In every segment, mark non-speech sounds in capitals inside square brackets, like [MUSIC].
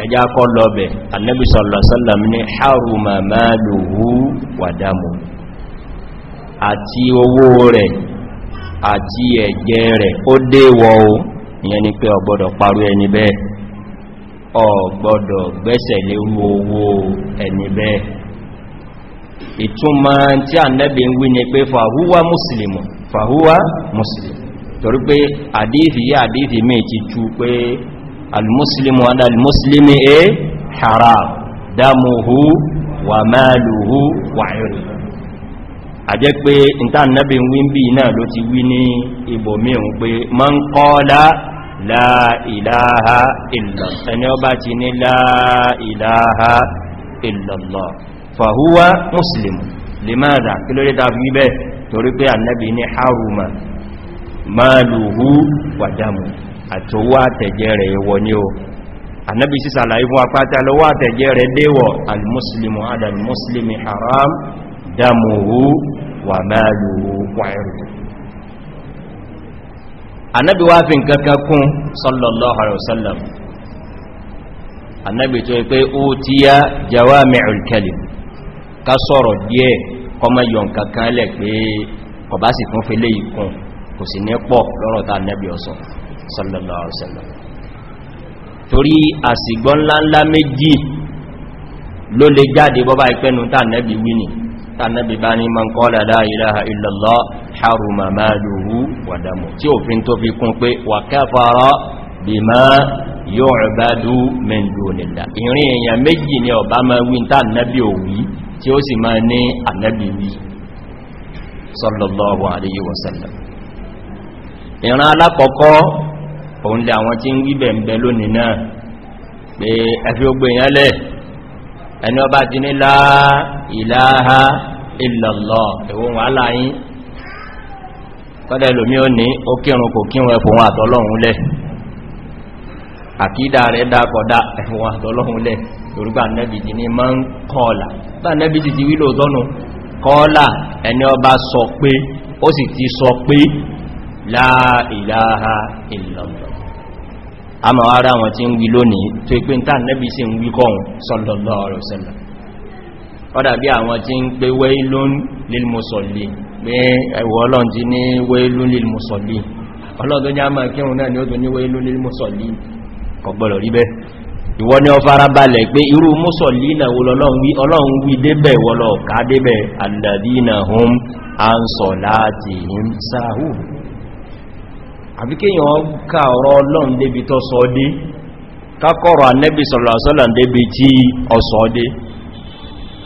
ẹjá kọ́ lọ́bẹ̀ annabi sallallahu ní haruma maluhu wa àti owó rẹ̀ àti ẹ̀jẹ̀ rẹ̀ ó déwọ́ o ìyẹn ni pé ọgbọ́dọ̀ parú ẹni bẹ́ẹ̀ ọgbọ́dọ̀ gbẹ́sẹ̀ lé owó ẹni bẹ́ẹ̀ ìtumọ̀ tí annabi ń wí ni pé fàhúwá mùsùlùmù fàhúwá mùsùlùmù torí pé àdífì yí àdífì mẹ́ ti tú pé المسلم على المسلم حرام دمه وماله وعرضه àjẹ́ pé ìta nẹ́bí ń wí ń bí náà ló ti wí ní ibòmíhùn pé ma ń kọ́ láìláha ìlọ̀ ẹni ọba ti ní láìláha ìlọ̀lọ̀ fàhúwá mùsùlùmù lè máa dà kí lórí ta fi bẹ́ torí pé ànẹ́bí ní haruma máa lòhú àtòwò àtẹ̀jẹ́ rẹ̀ ẹwọ ní o annabi sí sàlàyé fún apáta lọ́wọ́ àtẹ̀jẹ́ rẹ̀ déwọ̀ al-muslimu ala al-muslimi haram damuhu wa maluhu wa irdu annabi wá fi nǹkankan kún sallallahu alaihi wasallam annabi tó pé ó ti yá jawami'ul kalim ká sọ̀rọ̀ díẹ̀ kọmọ yọ nǹkankan lẹ̀ pé kọ̀bá sì fún fẹ́lẹ̀ ìkùn kò sì ní pọ̀ lọ́rọ̀ tá annabi ọ̀sán sallallahu alaihi wasallam torí àsìgbọ́n ńláńlá méjì ló lè jáde bọ́bá ìpẹ́nu tànẹ́bì wíní tànẹ́bì bá ní man qala la ilaha illallah haruma maluhu wa damu tí òfin tó fi kún pé wa kafara bima yu'badu min dunillah ìrìn èèyàn méjì ni ọba ma wí tànẹ́bì òwí tí ó sì máa ní ànẹ́bì òun lè àwọn tí ń gbíbẹ̀ ń bẹ lónìí náà pé ẹfí ó gbèyànlẹ̀ ẹni ọba ti ní la ilaha illallah ẹ̀wọ̀n aláyín kọ́dẹ̀ lómí ó ní ó kírun kò kírun ẹfùn àtọ́lọ́hun lẹ̀ àkídà rẹ̀ dákọ̀dá ẹfùn àtọ́lọ́hun lẹ̀ yorùbá nẹ́bì ti ní mọ́ ń kọ́ọ̀lá bá nẹ́bì ti ti wílò tọ́nu ó sì ti sọ pé la ilaha illallah a ma wá rá wọn tí ń wí lónìí tó ipé ta nẹ́bí sí ń wí kọ́hùn sallallahu alaihi wasallam ọ́dà bí àwọn tí ń pé wailun lil musallin pé ẹ̀wọ̀ ọlọ́n ti ní wailun lil musallin ọlọ́dọ́ ní a máa kírùn náà ni ó ọ fara balẹ̀ pé irú musallin náà ọlọ́run wí débẹ̀ wọlọ̀ ká débẹ̀ alladhina hum an salatihim sahun àbí kíyàn ká ọ̀rọ̀ ọlọ́run débi tó sọ dé kákọ̀rọ̀ anẹ́bì sọ̀rọ̀sọ́lọ̀ débi tí ọsọ dé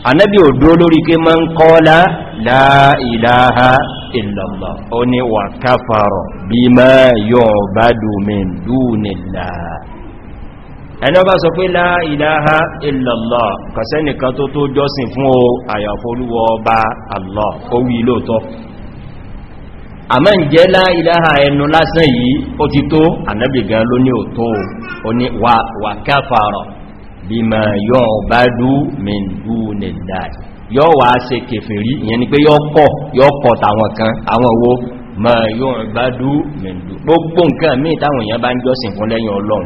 anẹ́bì òdó lórí kí ma ń kọ́lá la ilaha illallah ó ní wà káfàrọ̀ bí ma yu'badu min dunillah ẹni ọba sọ pé àmọ́ ìjẹ́ láìláha ẹnu lásán yìí ó ti tó ànábì gan ló ní òtó o ní wà káfàrọ̀ bí ma yọ bá dú mẹ́ndú nìdá yọ wà ṣe kèfèrí ìyẹn ni pé yọ kọ̀ tàwọn kan àwọn owó ma yọ bá dú mẹ́ndú gbogbo nǹkan mí táwọn èèyàn bá ń jọ́sìn fún lẹ́yìn ọlọ́run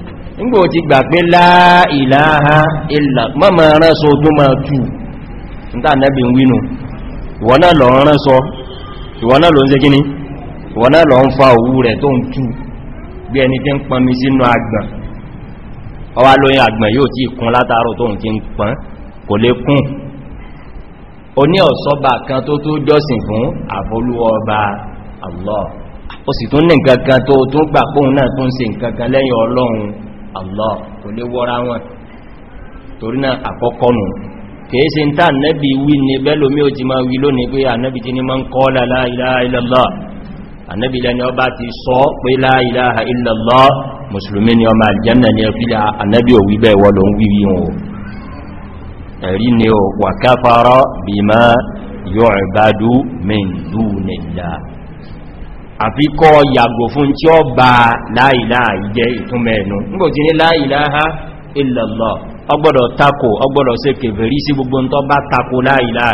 nígbò ti gbà pé láìláha ìlà mọ́mọ̀ ránṣọ tó máa tù níta nẹ́bí wínú ìwọ̀n náà lọ ránṣọ ìwọ̀n náà lọ ń ṣe gíní ìwọ̀n náà lọ ń fa òwú rẹ̀ tó ń tù bí ẹni tí ń pọnmi sínú àgbọ̀n ọwá lóyìn àgbọ̀n yóò tí kún látàrọ tóhun ti ń pọn kò lè kún o ní ọ̀sọ́bà kan tó tó jọ́sìn fún àfolúọba Allah o sì tún ní nǹkan kan tó tún gbà póhun náà tún ṣe nǹkan kan lẹ́yìn Ọlọ́run Allah kò lè wọ́ra wọn torí náà àkọ́kọ́ nù kèése ń tà nẹ́bí wí ní bẹ́lómí ó ti máa wí lónìí pé ànẹ́bí ti ní máa ń kọ́ la ilaha illallah ànẹ́bí lẹ́ni ọba ti sọ pé la ilaha illallah àfikọ́ yàgò fún tí ó bá láìláà jẹ́ ìtúnmẹ̀ẹ̀nù nígbò tí ní láìláà ìlàlọ́ ọgbọ́dọ̀ ọgbọdọ ọgbọ́dọ̀ sí kèfèrí sí gbogbo tó bá takò láìláà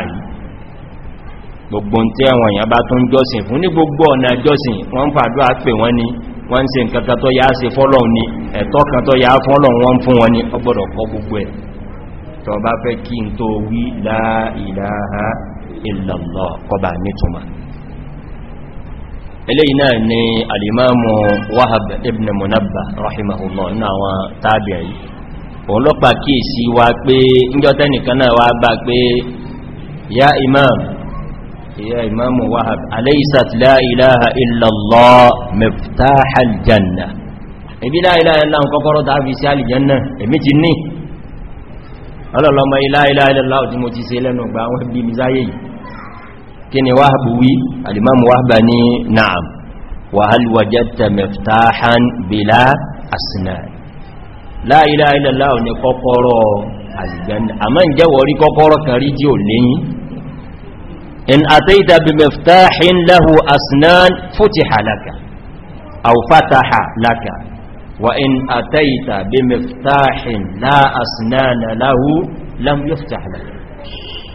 gbogbo tí àwọn èèyàn bá tún jọ́sìn fún ní gbogbo ọ̀nà jọ́sìn wọ́n ni gbogbo eléyìí náà ni alìmáàmù wahab ibn munabba rahimahullah náà wọn tábìrì òun ló pa kíyèsí wa pé ìjọtẹ́nìkan náà wá bá pé ya imam ya imam wahab alaysat la ilaha illallah miftahal janna ibi la ilaha illa kọ́kọ́rọ́ ta fi sí alìjanna èmi ti ní ọlọ́lọ́mọ ilaha illallah kí ni wáhàbù wí alìmáàmù wáhàbà ní na'am wà halwajata meftahan bila asinan la ilaha illallah ní kọ́kọ́rọ́ aljanna àmá ń jẹ́wọ̀ rí kọ́kọ́rọ́ kan rí jí ò léyìn in ataita bi meftahin lahu asinan futiha laka aw fataha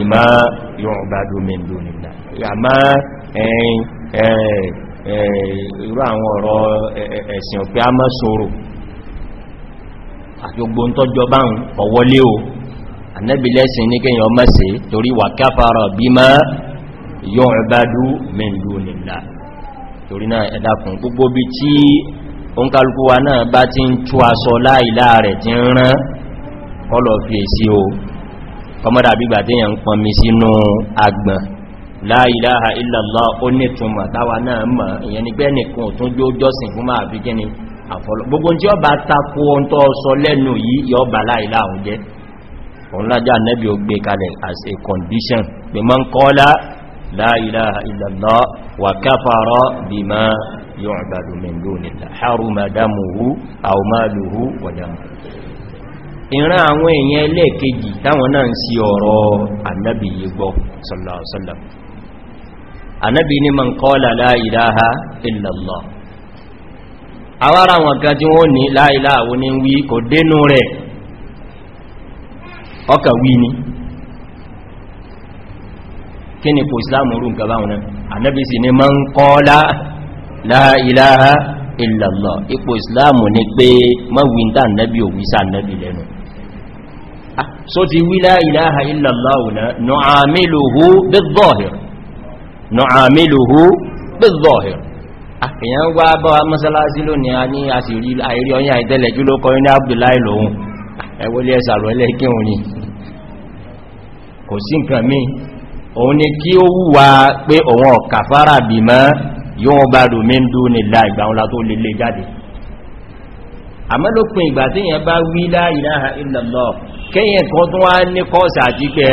ìmá yọ̀ọ̀bádó mẹ́ndó nìlá àmá irú àwọn ọ̀rọ̀ eh, eh, ẹ̀sìn òfin a mọ́ sọ́rọ̀ àti ogbó ń tọ́jọ bá ń ọ̀wọ́lé o anẹ́bìlẹ́sìn ní kíyàn mẹ́sẹ̀ torí wà káfàrà bí mọ́ yọ̀ọ̀bádó mẹ́ndó nìlá torí náà ẹ̀dàkùn gbogbo kọmọ́dà bígbà tíyàn ń pọnmi sínú agbọ̀n la ilaha illallah ó nìtùmọ̀ táwa náà mọ̀ ìyẹn ni pé nìkan tún jó jọ́sìn fún máa fi gíní àfọ́lọ́ gbogbo tí ó bá takó ohun tó sọ lẹ́nu yìí yọ bà láìlá jẹ́ as condition pé mọ́ ń kọ́lá la ilaha illallah wa kafara bima yu'badu min dunillah haruma damuhu aw maluhu ìran àwọn èèyàn ẹlẹ́ẹ̀kejì táwọn náà ń sí ọ̀rọ̀ annabi yìí gbọ́ sallallahu annabi ni man qala la wọn kan tí wọ́n ní la ilaha wí kò dénú rẹ̀ ọkà wí kí ni kò islamu rú nǹkan báwọn náà annabi sì ni man qala la illallah ipò islamu ní pé mọ́wíntà nẹ́bí òwísà nẹ́bí lẹ́nu ah, so ti wílá ìláha illallah nọ́àmìlòhú bí-zọ́hìr ah, wá bá wa lónìí a ní àṣìrí àìrí ọyìn àìtẹ́lẹ̀ jú ló kọrin ní abdullahi lòun ah, ẹwọlé ẹsàrò ẹlẹ́gẹ́ òní kò sí nǹkan mí òun ni kí ó wúwa pé òun yóò bá rò mí ń dún nílá ìgbà wọn tó lè lè jáde àmọ́lópin ìgbà tí yẹn bá wí la ilaha illallah kẹ́yẹn kan tó wá ní kọ́ọ̀sì àti pé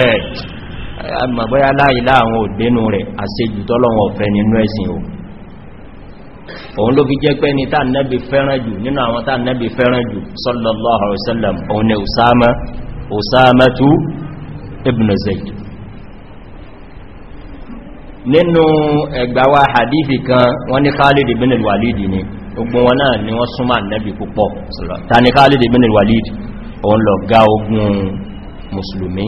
àmàbọ́yá la ilaha àwọn òdénú rẹ̀ àṣejù tọ́lọ́wọ̀n ọ̀fẹ́ nínú ẹ̀sìn o òun ló fi jẹ́ pé ní tàbí fẹ́ràn jù nínú àwọn tàbí fẹ́ràn ibn Zaid nínú ẹgbàwà hadithi kan wọ́n ní khalid ibn al-walidi ni ogun wọn náà ni wọ́n súnmà nẹ́bì púpọ̀ ta ni khalid ibn al-walidi òun lọ ga ogun musulmi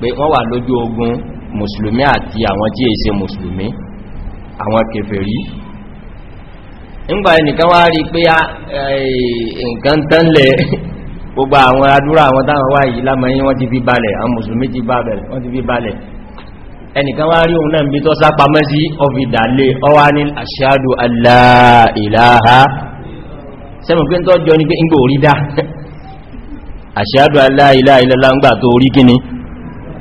pé wọ́n wà lójú ogun musulmi àti àwọn tí è ṣe musulmi àwọn kèfèrí nígbà ẹnìkan wá rí pé eh, nǹkan tẹ́lẹ̀ gbogbo àwọn adúrà àwọn táwọn wáyìí lámọ́ yí wọ́n ti fi balẹ̀ àwọn musulmi ti balẹ̀ ẹnìkan wá rí òun náà bí tó sápamọ́ sí ọ̀fìdàlé ọwá ní aṣáàdù aláìláha sẹ́mù pé tó jọ ní pé ìgbò orí dá aṣáàdù aláìláìlọ́lá ń gbà tó orí kíni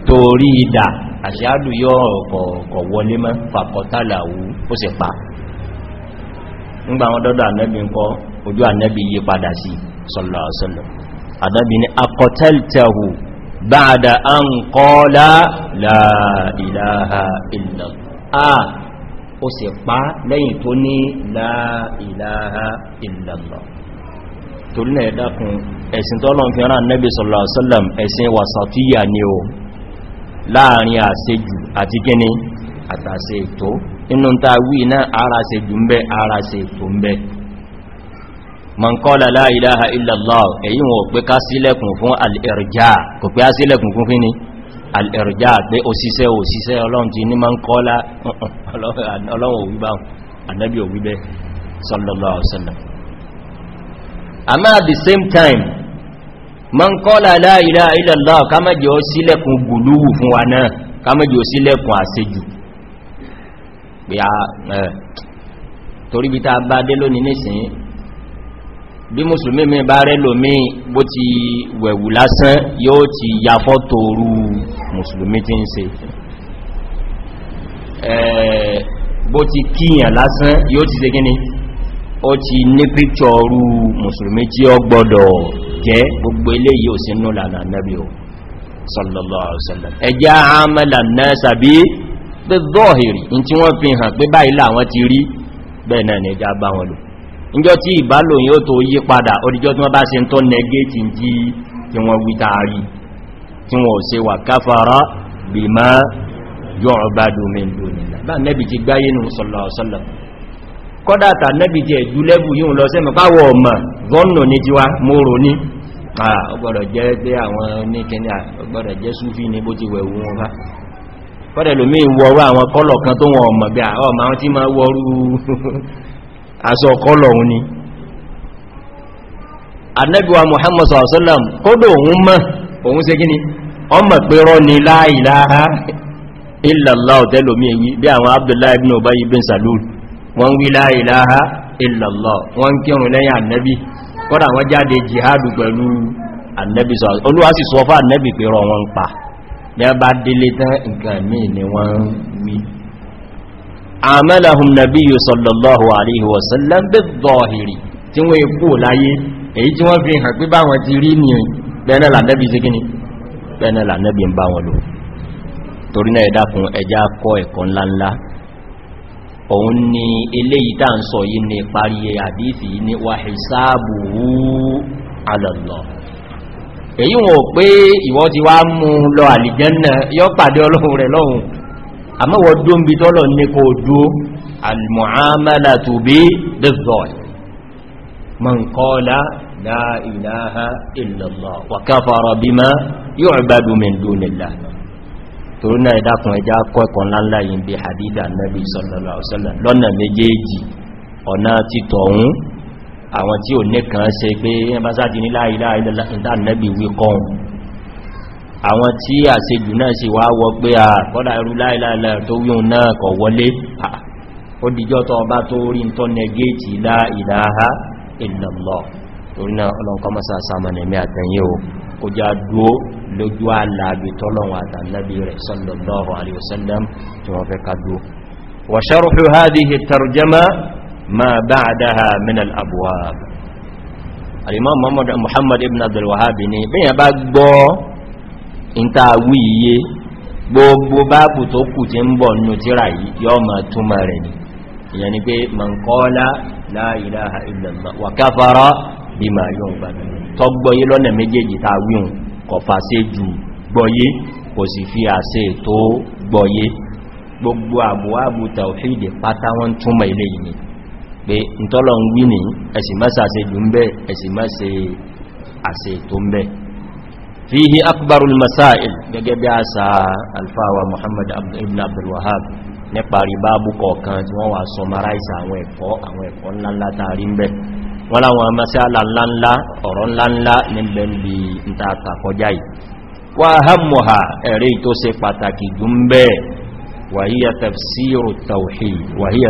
tó orí ìdà aṣáàdù yọ ọ̀kọ̀ wọlé mọ́ fàkọtàlàwú ó sì pa ńgbà wọn dọ́dọ̀ ànẹ́bì ńkọ́ ojú ànẹ́bì yí padà sí sọ́lọ̀ ba'da an qala la ilaha illallah ó sì pa lẹ́yìn tó ní la ilaha illallah torí náà ẹ̀dàkùn ẹ̀sìn tọ́lọ́n fi rán nẹ́bí sallallahu alaihi wasallam ẹ̀sìn wasatiyya ni o láàrin àṣejù àti kíní àtàṣe ètò inú ta wí náà ara ṣe jù ń bẹ ara ṣe ètò ń bẹ man qala la ilaha illallah èyí wọn pé ká sílẹ̀kùn fún al'irja kò pé á sílẹ̀kùn fún kíní al'irja pé òsìsẹ́ òsìsẹ́ ọlọ́run ti ní man qala [LAUGHS] ọlọ́run òwúbá annabi òwúbẹ́ sallallahu alaihi wasallam àmá at the same time man qala la ilaha illallah ká má jẹ́ ó sílẹ̀kùn gùlúwù fún wa náà ká má jẹ́ ó sílẹ̀kùn àṣejù pé a torí bí ta bá dé lónìí bí musulmi mi bá rẹ lómi bó ti wẹ̀wù lásán yóò ti ya fọ́tò tí ń se bó ti kíyàn lásán yóò ti se gíní ó ti ní gbogbo ilé yíò sí nú lànà nẹ́bí o sallallahu alaihi ẹjá àmàlà náà sàbí ìjọ tí ìbálò yóò tó yí padà oríjọ́ tí wọ́n bá ṣe ń tọ́ nẹgẹ́tì jí tí wọ́n wí taari tí wọ́n ò ṣe wà káfàrá bí má yu'badu min dunillah bá nẹ́bì ti gbáyé nù sallallahu alaihi wasallam kọ́dàtà nẹ́bì ti ẹ̀jú lẹ́bù yíò lọ sẹ́mọ̀ páwọ̀ ọmọ gọ́nà ní tiwa móró ní ọgbọ̀dọ̀ jẹ́ pé àwọn ní kẹni ọgbọ̀dọ̀ kan tó wọn ọmọ bí àwọn tí ma wọ́rú [LAUGHS] aṣọ ọkọ́lọ̀ òun ni anẹ́bíwa muhammad sallam kódò òun mọ́ òun ṣe gíní pé rọ́ ni la ilaha illallah ọ̀tẹ́lòmí èyí bí àwọn abdullahi ibn Ubay ibn salul wọ́n wí la illallah wọ́n kírùn lẹ́yìn annabi jihadu annabi oluwa si sọ annabi wọn pa a àmẹ́lẹ̀hùn nàbí yóò sọ̀lọ̀lọ́hù àríhìwọ̀sẹ́lẹ́m bí zọ́hìrì tí wọ́n ikú láyé èyí tí wọ́n fi hàn pé bá wọn ti rí ní bẹ́ẹ̀nẹ́là nẹ́bí sí gíní bẹ́ẹ̀nẹ́là nẹ́bí ń bá wọn lò torí náà ẹ̀dàkùn ẹja kọ́ ẹ̀kọ́ ńláńlá òun ni eléyìí àmọ́wọ̀ dún bí tọ́lọ̀ ní kò dú alìmọ̀hámàlà tó bí dìzọ̀l man kọ́lá la ilaha illallah wa kafara bima yu'badu min dunillah torí náà ìdákùn ẹjá kọ́ ẹ̀kọ́ ńláńlá yìí bí hadida nabi sallallahu alaihi wasallam lọ́nà méjèèjì ọ̀nà títọ̀hún àwọn tí ò àwọn tí àṣejù náà sì wá wọ pé à kọ́dà irú láìláìlá tó wíhun náà kọ̀ wọlé ó dìjọ́ tó ọba tó rí ń tọ́ nẹgẹ́ẹ̀tì lá ìlàáha ìlọ̀lọ̀ torí náà ọlọ́nkọmọ́sá sàmànẹ̀mí àtẹ̀yẹ o kò já ìta wí iye gbogbo báàbù tó kù tí ń bọ̀ nù tíra yìí yọ́ ma túnmà rẹ̀ ni ìyẹn ni pé man qala la ilaha illallah wa kafara bima yóò gbàmì tó gbọ́yé lọ́nà méjèèjì ta wíhùn kò fàṣe jù gbọ́yé kò sì fi àṣẹ tó gbọ́yé gbogbo àbúwábù tàwíìdì pátá wọ́n túnmà ilé yìí pé ìtọ́lọ̀ ń wí ní ẹ̀sì mẹ́sà àṣẹ jù ń bẹ́ ẹ̀sì mẹ́sà àṣẹ tó ń bẹ́ẹ̀ fihi akbarul masail gẹ́gẹ́ bí àṣà alfawa muhammad ibn abdul wahhab nípa rí báàbù kọ̀ọ̀kan tí wọ́n wà summarize àwọn ẹ̀kọ́ àwọn ẹ̀kọ́ ńláńlá tààrí ń bẹ́ wọ́n láwọn masala ńláńlá ọ̀rọ̀ ńláńlá níbẹ̀ ń bí ìta àtàkọjá yìí wà hàmùhà ẹ̀rí tó ṣe pàtàkì gùn bẹ́ẹ̀ wàhíyà tafsiru tawhid wàhíyà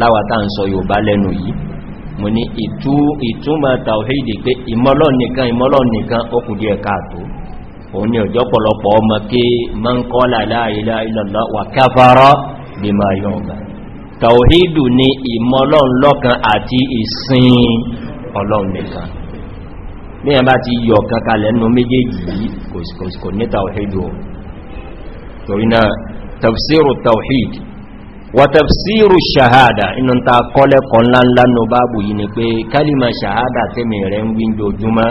láwàtà ń sọ Yorùbá lẹ́nu yìí mo ní ìtumọ̀ tàwíìdì pé ìmọ́lọ́n nìkan ìmọ́lọ́n nìkan ó kù díẹ̀ káàtó òun ni ọjọ́ pọ̀lọpọ̀ ọmọ kí man qala la ilaha wa kafara bima yu'bad tàwíìdù ni ìmọ́lọ́n lọ́kan àti ìsìn ọlọ́run nìkan bí yẹn bá ti yọ kankan lẹ́nu méjèèjì yìí kò torí náà tafsiru tàwíìdì wàtàfsírù ṣàhádà inú ta kọ́lẹ̀kọ́ ńláńlá nù báàbù yìí ni pé kálìmà ṣàhádà tí mẹ́ rẹ̀ ń wí jojúmá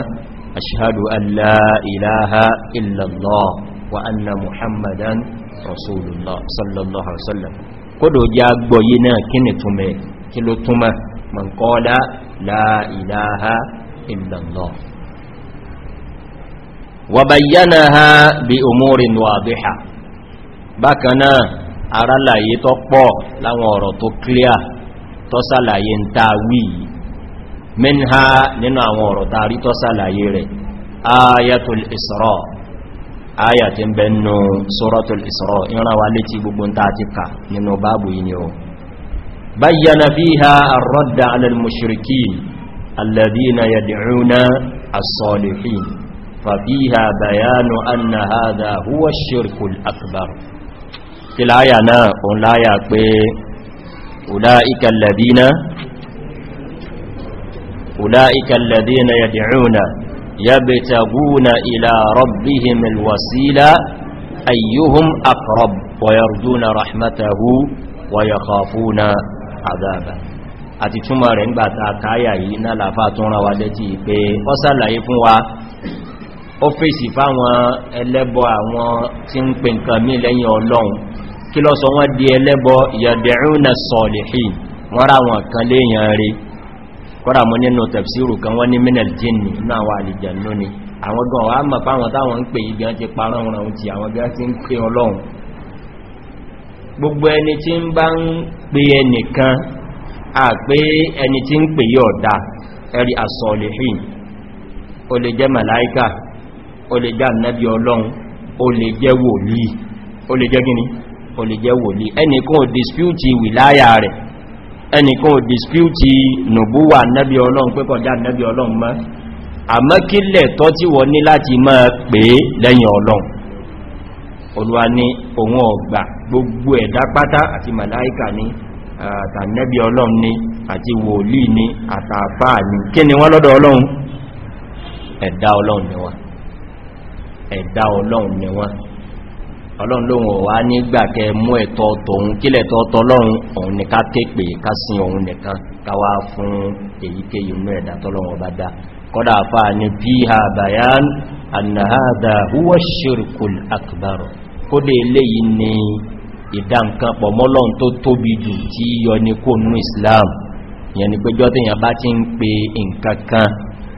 aṣíhádù aláìláha ìlàlọ́ wa anna muhammadan rasulullah sallallahu alaihi wasallam kódò já gbọ́yé náà kí ni túnmẹ̀ kí ló túnmà bi umurin wadiha bákanáà arálàyé tó pọ̀ láwọn ọ̀rọ̀ tó clear tó sàlàyé ń ta wí minha nínú àwọn ọ̀rọ̀ ta rí tó sàlàyé rẹ̀ ayatul isra ayatin bẹnu suratul isra ìran wa létí gbogbo ta ti kà nínú báàbù yìí o bayyana fiha ar-radda 'ala al-mushrikin alladhina yad'una as-salihin ففيها بيان أن هذا هو الشرك الأكبر kí láyà náà òun láyà pé أولئك الذين أولئك الذين يدعون يبتغون إلى ربهم الوسيلة أيهم أقرب ويرجون رحمته ويخافون عذابه àti túnmọ̀ rẹ̀ ń gbà ta káyà yìí náà làfà tó rán wa létí pé ó sàlàyé fún wa ó fèsì fáwọn ẹlẹ́bọ àwọn tí ń pè nǹkan mí lẹ́yìn kí lọ sọ wọ́n di ẹlẹ́bọ yad'una salihin wọ́n rá wọn kan léèyàn rí kọ́dà mọ́ nínú tafsiru kan wọ́n ní minal jinni inú àwọn alijan ni àwọn gan wà mọ̀ pàwọn táwọn ń pè parán ọ̀rọ̀ ti lè jẹ́ wòlíì o lè jẹ́ wòlí ẹnìkan ò dispute wìláyà rẹ̀ ẹnìkan ò dispute nùbúwà nẹ́bí ọlọ́run pé kọjá nẹ́bí ọlọ́run mọ́ àmọ́ kí lẹ̀ tọ́ tí wọ́n ní láti mọ́ pé lẹ́yìn ọlọ́run olúwa ní òun ọ̀gbà gbogbo ẹ̀dá pátá àti màláíkà ní àtànẹ́bí ọlọ́run ní àti wòlí ní àtàfà ní kí ọlọ́run ẹ̀dá ọlọ́run ni wọ́n ọlọ́run lóhun ọ̀wá nígbàkẹ mú ẹ̀tọ́ tòun kílẹ̀ tọ́tọ́ lọ́run òun ní ká kéèpè ká sin òun nìkan káwà fún èyíkéyìí inú ẹ̀dà tọ́lọ́run ọba dá kọ́dà àfáà ní fíhà bayan annahada huwa shirkul akbar kódé eléyìí ni ìdá nǹkan pọ̀ mọ́lọ́run tó tóbi jù tí yọ ní islam ìyẹn ni péjọ́ tí èèyàn bá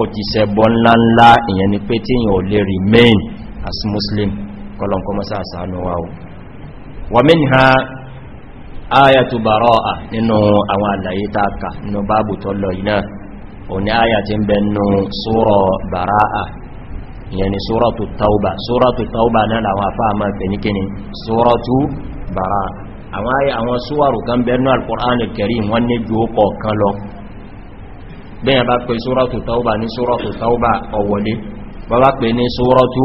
ó ti sẹ́bọ́ ńláńlá ìyẹn ni pé tí yíò lè remain as muslim kọlọ̀nkọ́ mọ́sá àsánú wa o wà mínà ayatu baraa nínú àwọn àlàyé tààkà nínú báàbù tó lọ iná o ní àyà ń bẹ sura baraa ìyẹn suratu tauba suratu tauba náà làwọn afá máa pè suratu baraa àwọn àyà àwọn súwàrù kan bẹ nínú al-Qur'an al-Karim wọ́n ní ju ó kọ̀ọ̀kan lọ bẹ́yàn bá pè sóràtù taubá ní sóràtù taubá ọ̀wọ̀lé bàbá pè ní sóràtù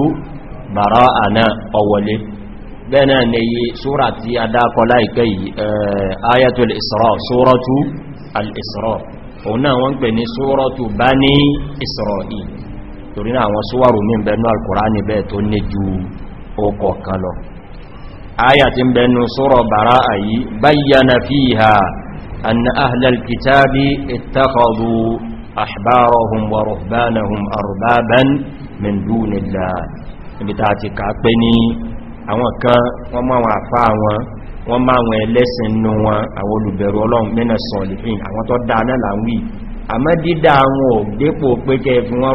bàrá àná ọ̀wọ̀lé bẹ́ẹ̀nà ni yí sóra tí a dákọ láìpẹ́ yìí eh, ayatul isra sóràtù al-isra òun náà wọ́n pè ní sóràtù bani isra'il torí náà àwọn sówàrù ní ìbẹ̀nú al-Qur'ani bẹ́ẹ̀ tó ní ju أن أهل الكتاب اتخذوا أحبارهم ورهبانهم أربابا من دون الله بتاعتي كعبني àwọn kan wọ́n máa wọn àfá wọn wọ́n máa wọn ẹlẹ́sìn inú wọn àwọn olùbẹ̀rù ọlọ́run mẹ́nà sọ̀lìfín àwọn tó dáa náà láwí àmọ́ dídá àwọn ògbépò pé kẹfì wọ́n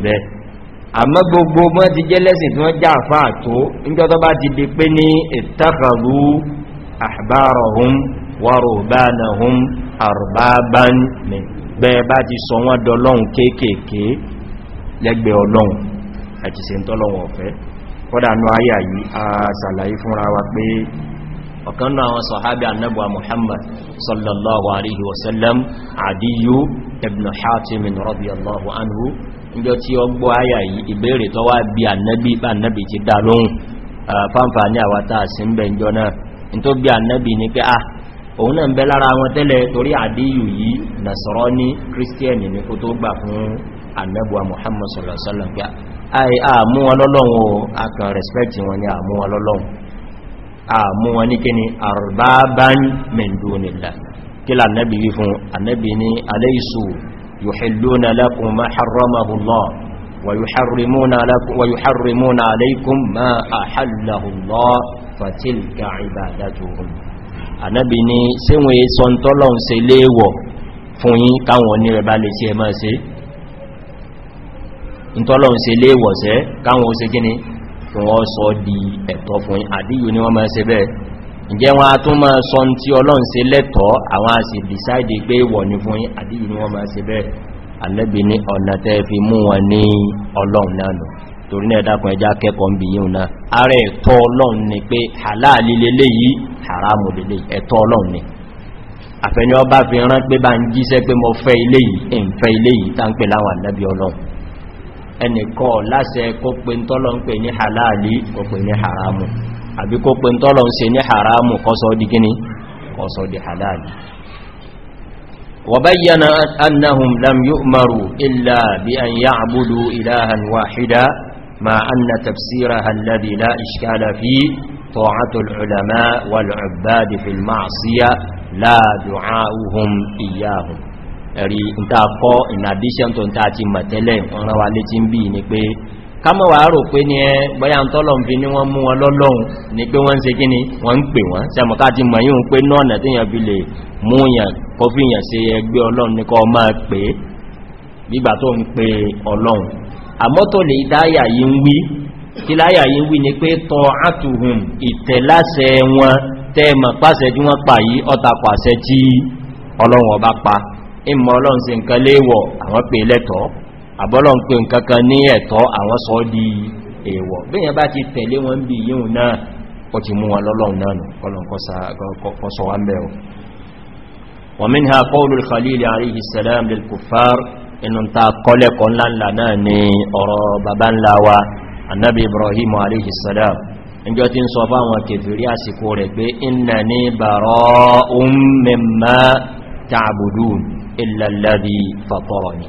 rọ́pò àmọ́ gbogbo mọ́ ti jẹ́ lẹ́sìn tí wọ́n já àfáà tó nígbọ́tọ́ bá ti di pé ní ìtàkàrú àbárọ̀hún wọ́rọ̀bánahún àrùbábán bẹ́ẹ̀ bá ti sọ wọ́n dọ́lọ́un kéèkèé lẹ́gbẹ̀ẹ́ ọlọ́un àti se tọ́lọ́wọ̀n ọ̀fẹ́ kọ́dánú ayà yìí a sàlàyé fúnra wa pé níjọ tí ó gbọ́ àyà yìí ìbéèrè tó wá bí ànábì bá ànábì ti dá lóhùn fáǹfà ní àwátá sí ń bẹ̀ náà in tó bí ànábì ní pé ah òun náà ń bẹ lára wọn tẹ́lẹ̀ torí àdíyù yìí nàṣọ́rọ́ ní kírísítíẹ̀nì ní kó tó gbà fún ànábùwa Muhammad sallallahu alaihi wasallam pé àmú wọn o a kàn respect wọn ni àmú wọn lọ́lọ́run àmú wọn ní kí ni arbaban min dunillah kí lànàbì wí يحلون لكم ما حرمه الله ويحرمون, لكم ويحرمون عليكم ما أحله الله فتلك عبادتهم anábi ni síwọn èso ń tọ́lọ̀ ń se léèwọ̀ fún yí káwọn onírẹ̀ bá lè ṣe ẹmọ́ sí ń tọ́lọ̀ ń se léèwọ̀ sẹ́ káwọn ó se gíní fún wọ́n sọ di ẹ̀tọ́ fún yí àdíyù ni wọ́n máa se bẹ́ẹ̀ ǹjẹ́ wọn a tún máa sọ tí ọlọ́run ṣe lẹ́tọ̀ọ́ àwọn a sì dìsáìdì pé wọ̀ ní fún àdíyì ni wọ́n máa ṣe bẹ́ẹ̀ alẹ́bì ní ọ̀nà tẹ́ fi mú wọn ní ọlọ́run náà lọ torí náà ẹjá kẹ́kọ̀ọ́ bí yíò náà ara ẹ̀tọ́ ọlọ́run ni pé halali lele yìí haramu lele ẹ̀tọ́ ọlọ́run ni àfẹ́ni ọba fi rán pé bá ń jíṣẹ́ pé mo fẹ́ ilé yìí ń fẹ́ ilé yìí halali kó pe haramu àbí kó pín tọ́lọ ń ṣe ní haramu kọsọ di gini kọsọ di halali wa bayyana annahum lam yu'maru illa bi an ya'budu ilahan wahida ma anna tafsiraha alladhi la ishkala fi ta'atul ulama wal 'ubbad fil ma'siyah la du'a'uhum iyyahum ẹ̀rí ìta kọ́ in addition to ń ti mọ̀tẹ́lẹ̀ ọ̀rọ̀wà létí ń bí ní pé kámọ̀ wà rò pé ní ẹ bọ́yá ń tọ́lọ̀ fi ní wọ́n mú wọn lọ́lọ́un ní pé wọ́n ń ṣe kíni wọ́n ń pè wọ́n tí a mọ̀ká ti mọ̀ yíò pé náà tí yàn fi lè múyàn kọfíyàn sí ẹgbẹ́ ọlọ́run ní kọ́ máa pè gbígbà tó ń pè ọlọ́run àmọ́tò àbọ́lọ̀ ń pè nǹkankan ní ẹ̀tọ́ àwọn sọ di èèwọ̀ bíyàn bá ti tẹ̀lé wọn bí yíò náà ó ti mú wọn lọ́lọ́run náà kọlọ̀kọ́sọ wá mẹ́rọ wọ́n min ha kọ́ọ̀lù khalil alayhi salam lil kufar inú ta kọ́lẹ̀kọ́ ńláńlá náà ni ọ̀rọ̀ bàbá ń sọ fáwọn kèfèrí àsìkò rẹ̀ pé inna ni bara'un mimma ta'budun illa alladhi fatarani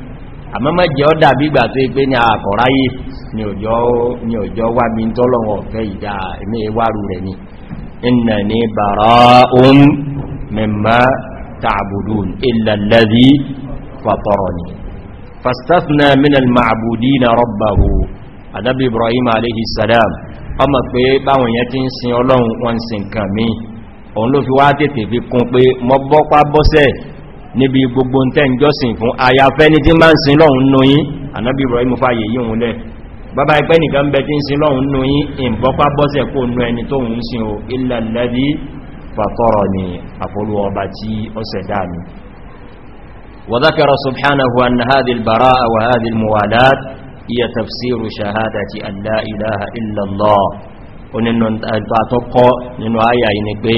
àmọ́mọ́ jẹ́ ọ́dà bígbà tó ipé ní àkọ̀ráyé ní òjò wà bí tọ́lọ̀wọ̀ fẹ́ ìdá ẹ̀mí ìwárù rẹ̀ ni iná ní bàrá oún mẹ́má tààbùdùn ìlàlẹ́rí pàtọ̀rọ̀ ni fastafna minal ma'abudi na rọ́bàwò adábi ibrahim aléhì salam ọmọ pé báwọn yẹn ti ń sin ọlọ́run wọn níbi gbogbo tẹ́ ń jọ́sìn fún àyàfẹ́ ní tí máa ń sin lọ́hun nù yí ànábì Ibrahim fàyè yí òun lẹ́ bàbá ipẹ́ nìkan bẹ tí ń sin lọ́hun nù yí ìbọ́pá bọ́sẹ̀ kó nù ẹni tó ń sin o ìlàlẹ́dí fàtọ́rọ̀ ni àfolú ọba وذكر سبحانه أن هذه البراءة وهذه الموالات هي شهادة أن لا إلا الله onínú àtọ́kọ́ nínú ayà yìí ni pé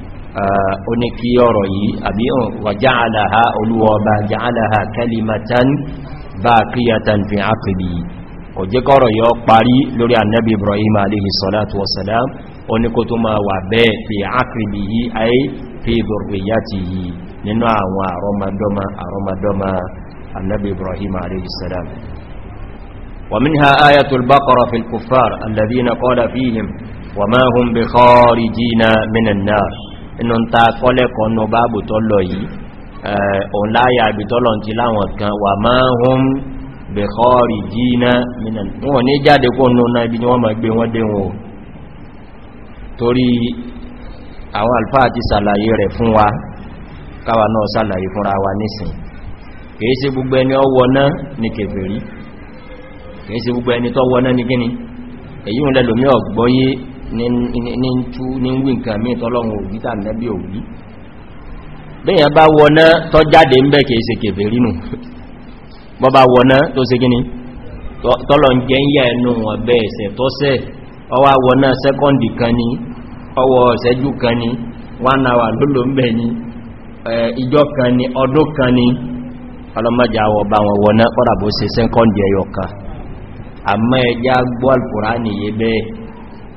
Uh, ó ní kí ọ̀rọ̀ yìí àbí oh, wa ja'alaha olúwọba ja'alaha kalimatan baqiyatan fi 'aqibi kò jẹ́ kọ́rọ̀ yọ parí lórí annabi ibrahim alayhi salatu wasalam ó ní kó tó máa wà bẹ́ẹ̀ fi 'aqibihi ay fi dhurriyyatihi nínú àwọn àrọmọdọ́mọ annabi ibrahim alayhi salam inú ta kọ́lẹ́kọ́ nù báàbù tó lọ yìí òun láyà àbìtọ́lọ̀ ti láwọn kan wà máa hún bẹ̀kọ́rì jína mìnà wọn ní jáde kó nùnà ibi ni wọ́n ma gbé wọ́n dé wọn torí àwọn alfáà ti sàlàyé rẹ̀ fún wa káwà náà sàlàyé fúnra wa nísìn kìí sí gbogbo ẹni ní tú ní nǹkan mí tọ́lọ́run òbí tà nẹ́bí òbí bíyàn bá wọná tọ́ jáde ń bẹ́ kìí ṣe kèfè rínú bọ́ bá wọná tó ṣe gíní tọ́lọ ń jẹ yà ẹnu ọ̀bẹ̀ ẹ̀sẹ̀ ọwá wọná sẹ́kọ́ndì kan ní ọwọ́ ọ̀sẹ́jú kan ní one hour lólò ń bẹ̀ ní ìjọ kan ní ọdún kan ní ọlọ́mọjà wọn wọná sẹ́kọ́ndì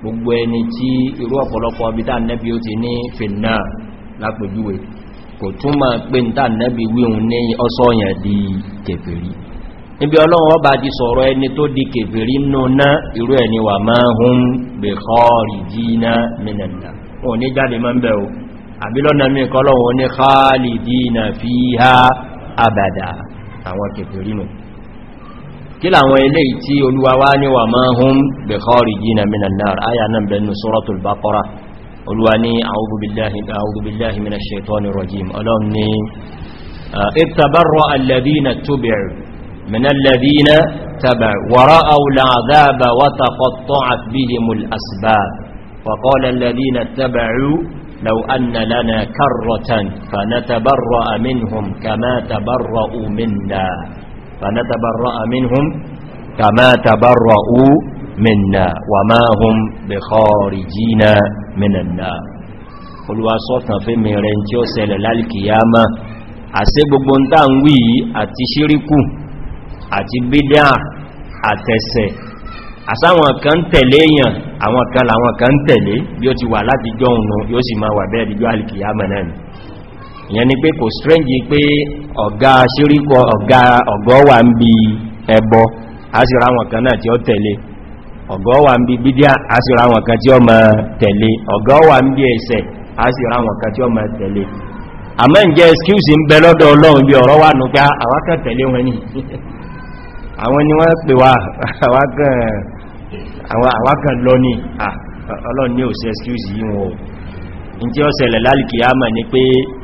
gbogbo ẹni tí irú ọ̀pọ̀lọpọ̀ bí tá nẹ́bí ó ti ní fìnnà lápòjúwe kò túnmà pé ń tá nẹ́bí wíhun ní ọsọ́ọ̀yàn di kèfèrí níbi ọlọ́run ọba ti sọ̀rọ̀ ẹni tó di kèfèrí núná irú ẹni wà máa hún bè kọ́ọ̀rì jíná mìnàdà wọn ní jáde mọ́ bẹ̀ o àbí lọ́nà kí làwọn eléyìí tí olúwa wá ní wà máa hún bi kharijina minan nar áyà náà bẹnu suratul baqara olúwa ní a'udhu billahi a'udhu billahi minash shaitani rajim ọlọ́run ní ittabarra alladhina tubi'u minal ladhina taba'u wa ra'aw لو أن لنا كرة فنتبرأ منهم كما تبرأوا منا فنتبرأ منهم كما تبرؤوا منا وما هم بخارجين من النار olúwa sọ́tàn fẹ́ mẹ́rẹ̀ tí ó ṣẹlẹ̀ lálìkìyàmá àṣẹ gbogbo ń tàà ń wí àti ṣíríkù àti bídá àtẹsẹ̀ àsáwọn kan tẹ̀lé èyàn àwọn kan làwọn kan tẹ̀lé bí ó ti wà láti jọ òun yóò sì máa wà bẹ́ẹ̀ díjọ́ alìkìyàmá náà ìyẹn ni pé kò strange pé ọ̀gá síríkọ ọ̀gá ọ̀gọ́ ẹbọ asìra wọn kan náà tí ó tẹ̀lé ọ̀gọ́ ń bí bídíà wọn kan tí ó mọ̀ tẹ̀lé ọ̀gọ́ ń bí ẹsẹ̀ wọn kan tí ó mọ̀ tẹ̀lé àmọ́ ń bẹ lọ́dọ̀ ọlọ́run bí [LAUGHS]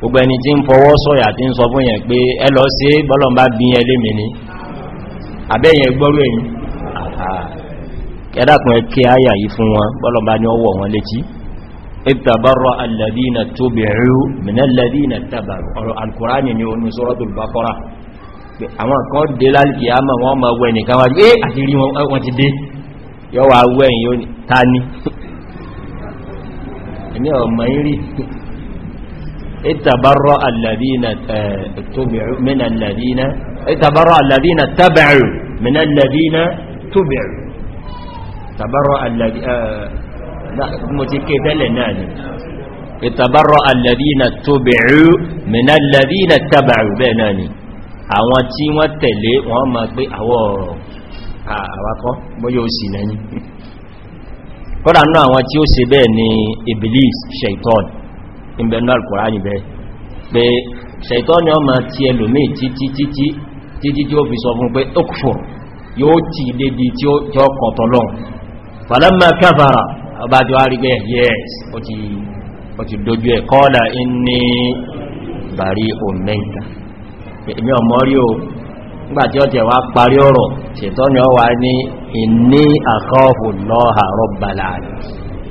gbogbo ẹni tí ń fọwọ́ sọ̀yà tí ń sọ fún yẹn pé ẹ lọ sí bọ́lọ̀mbá bí i ẹlẹ́mì ní àbẹ́yẹn gbọ́rú ẹ̀yìn kẹ́dàkùn ẹkẹ́ àyà yìí fún wọn bọ́lọ̀mbá ní ọwọ́ wọn létí ìtàbárọ̀ alladina yọ́wà wẹ́yìn yóò ta ní ẹni ọmọ ìrìn اتبرأ الذين آه، اتبعوا من الذين اتبرأ الذين اتبعوا من الذين تبعوا تبرأ الذين آه، لا متكتل نادي اتبرأ الذين اتبعوا من الذين اتبعوا بيناني àwọn tí wọ́n tẹ̀lé wọ́n ma pé àwọ̀ àwakọ́ bóyá ó sì náà ní àwọn tí ó se bẹ́ẹ̀ ni iblis shaitan ìbẹ̀nà alkùnránì bẹ́ pé ṣẹ̀tọ́ ni ọmọ tí ẹlòmí títí títí títí tí ó fi sọ fún pé okùfò yóò tí débi tí ó jọ kọ̀tọ̀lọ́ falamma kafara ọba tí wá rí pé yes ó ti dojú ẹ̀ kọ́ọ̀lá inni bari omega èmi ọmọ rí o nígbàtí ó tẹ̀ wá parí ọ̀rọ̀ ṣẹ̀tọ́ ni ọ wá ní inni akhafu Allaha rabbal alamin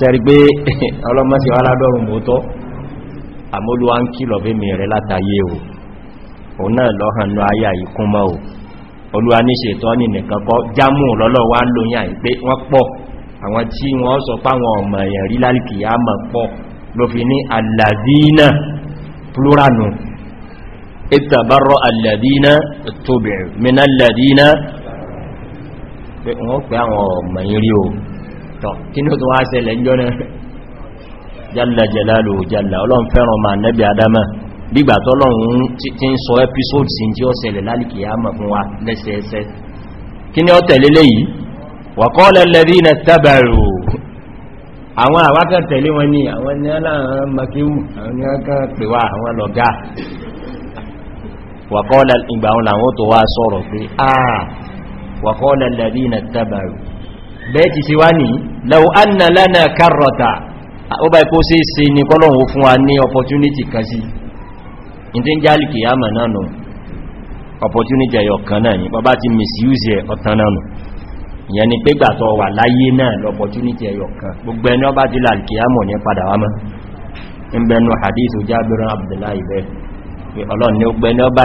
sẹ́rí pé [LAUGHS] ọlọ́mọ́sí aládọ́rùn mọ́tọ́ àmúlùwà ń kìlọ̀ fẹ́ mẹ́rẹ látàyé o òun náà lọ́hànú ayà ìkúnmọ́ o olúwa ní ṣètọ́ ní nìkan kọ́ jámù lọ́lọ́wà lóyìn àìpé wọ́n pọ̀ àwọn tí wọ́n sọ páwọn ọmọ èèyàn rí lálìkì á mọ̀ pẹ́ àwọn ọmọ yìí o tọ̀ kí ní ó tó wá ṣẹlẹ̀ ń jọ́nà jalla jalalu jalla ọlọ́run fẹ́ràn ma nẹ́bí adama bígbà tọ́lọ́run ti ń sọ episode sin tí ó ṣẹlẹ̀ lálìkìyàmọ̀ fún wa lẹ́sẹẹsẹ kí ní ó tẹ̀lé léyìí wa qala alladhina tabaru àwọn àwákà tẹ̀lé wọn ni àwọn ni aláàrán makiwu àwọn ni aka pè wá àwọn lọ́gá wa qala ìgbà wọn làwọn ah wa qala tabaru bẹ́ẹ̀ ti fi wá ní lẹ́wọ́ anna lana karrata ó bá ipò sí sí ní kọ́lọ̀wọ́ fún wa ní opportunity kan sí ìdí ń jálì kìí àmà náà nù opportunity ẹ̀yọ kan náà ní bàbá ti misuse ẹ̀ ọ̀tán náà nù ìyẹn ni pé gbàtọ̀ wà láyé náà l'opportunity ẹ̀yọ kan gbogbo ẹni ọba ti lálì kìí àmọ̀ ní padà wá mọ́ ń bẹnu hadith jábìrin abdullahi bẹ́ẹ̀ ọlọ́run ni ó gbẹ́ni ọba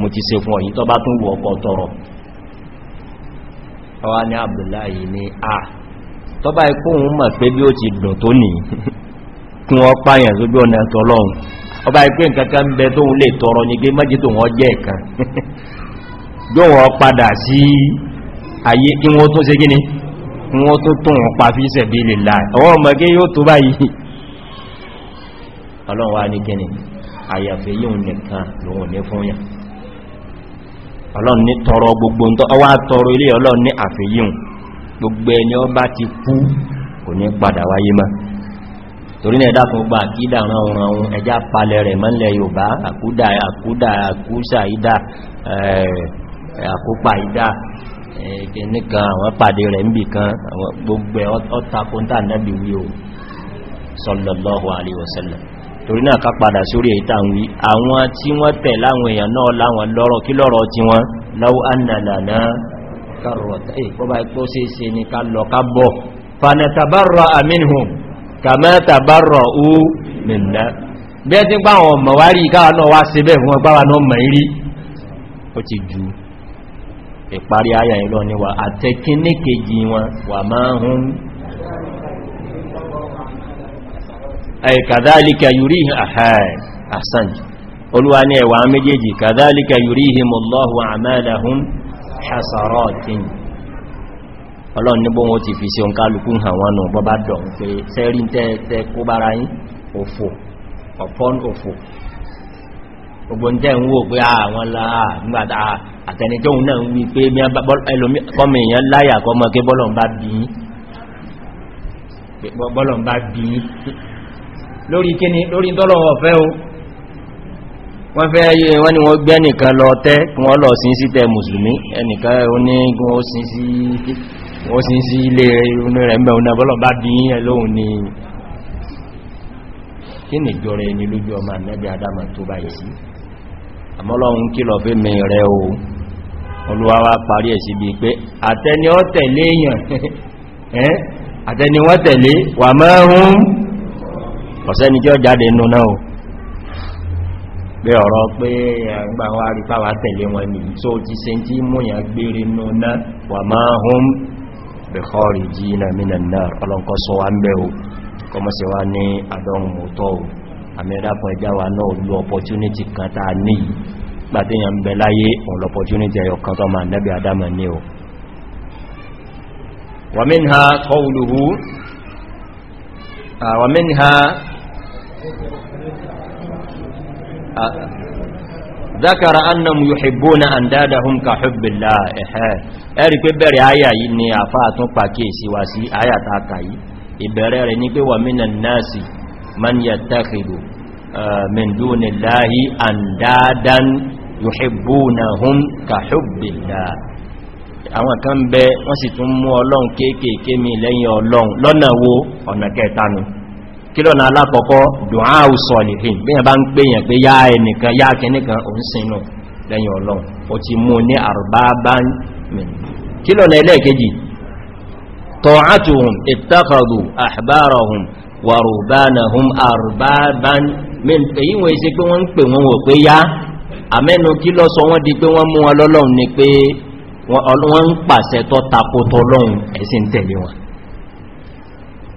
mo ti ṣe fún ọ̀yí tó bá tún wù ọkọ̀ tọrọ ọwá ní Abdullahi ní a tó bá ikú òun mọ̀ pé bí ó ti dùn tó nì kún ọ páyàn tó bí ọ̀nà tọ́lọ́run ọba ipé nkankan ń bẹ tóun lè tọrọ ní gé mọ́jí tó wọ́n jẹ́ ẹ̀kan gbọ́wọ́ [LAUGHS] padà sí ayé kí wọ́n ọlọ́run wá ní kíni àyàfẹ́ yóò nìkan lòun ní fún yàn ọlọ́run ní tọrọ gbogbo ǹtọ́ ọwá tọrọ ilé ọlọ́run ní àfihàn gbogbo ẹni ọ bá ti kú kò ní padà wáyé má torí náà dákùn gba àkídà ránrun ẹjá palẹ̀ rẹ̀ mọ́lẹ̀ Yorùbá àkúdà àkúdà àkúsà ìdá àkópa ìdá ẹ̀ẹ́gẹ̀ẹ́nìkan àwọn pàdé rẹ̀ ń bì kan gbogbo ọtakùntà náà bí wí o sallallahu alaihi torí náà ká padà sórí ìta wí àwọn tí wọ́n tẹ̀ láwọn èèyàn náà láwọn lọ́rọ̀ kí lọ́rọ̀ tí wọ́n láwọ́ annalana karọ̀tà ìpọ́bá ipò sí ṣe ní ká lọ ká bọ̀ fanatabarra aminhum u minna bẹ́ẹ̀ tí pàwọn ọmọ wá rí káà náà ju ìparí ayà ìlọ ni wà àtẹ́kíníkèjì wọn kàdálíkà yúrí àhàn olúwa ní ẹ̀wà méjèèjì kàdálíkà yúrí himọ̀lọ́hù àmàdàhún hasaratin ọlọ́run níbò wọn ti fi sí ọun kálukú àwọn náà bọ́bá dọ̀ pé sẹ́rí tẹ́ kó bára yí òfò ọ̀pọ̀n òfò gbogbo ń tẹ́ ń wò pé àwọn láàá àtẹnitọ́un náà wí pé kọmọ èèyàn láyà kọmọ kí lórí kíni lórí tọ́lọ̀wọ̀ fẹ́ o wọ́n fẹ́ ayé wọ́n ni wọ́n gbé ẹnìkan lọ tẹ́ kí wọ́n lọ sí sí tẹ mùsùlùmí ẹnìkan onígun ó sí sí ilé inú rẹ̀ mẹ́ ọ̀nà bọ́lọ̀ bá bí ẹ ni kí o olúwáwá parí ẹ̀ síbi pé àtẹni ọ tẹ̀lé èèyàn [LAUGHS] àtẹni wọ́n tẹ̀lé wà mẹ́rún ọ̀sẹ́ni tí ó jáde nù náà pé ọ̀rọ̀ pé ẹgbà wá rí pàwà tẹ̀lé wọn ni tó ti se tí múyàn gbére nù náà wà máa hún bẹ̀kọ́rì jí na mínà náà ọlọ́nkọ́ sọ wá ń bẹ́ o kọmọ́sẹ̀ wá ní àdọ́rùn ní gbàtíyàn ń bẹ láyé ذكر أنهم يحبون أندادهم كحب الله ẹ̀rí pé bẹ̀rẹ̀ àyà yìí ni àfá àtún pàkíyèsí wá sí àyà tààkà yìí ìbẹ̀rẹ̀ rẹ̀ ní pé wà mínà náàsì man yattakhidhu min dunillahi andadan yuhibbunahum kahubbillah àwọn kan bẹ wọ́n sì tún mú Ọlọ́run kéékèèké mi lẹ́yìn Ọlọ́run lọ́nà wo ọ̀nà kẹta nù kí lọ́nà alákọ̀ọ́kọ́ dùnáà sọ̀lìhìn bí i bá ń pè yàn pé yá ẹnìkan yá kìníkan òun sínú lẹ́yìn ọlọ́run o ti mú ní àrùbábá mìíràn kí lọ́nà ẹlẹ́ẹ̀kejì tọ́átùhùn ìtàkàdù àhbárahùn wàrùbánahùn àrùbábá mìíràn èyí wọ́n ise pé wọ́n ń pè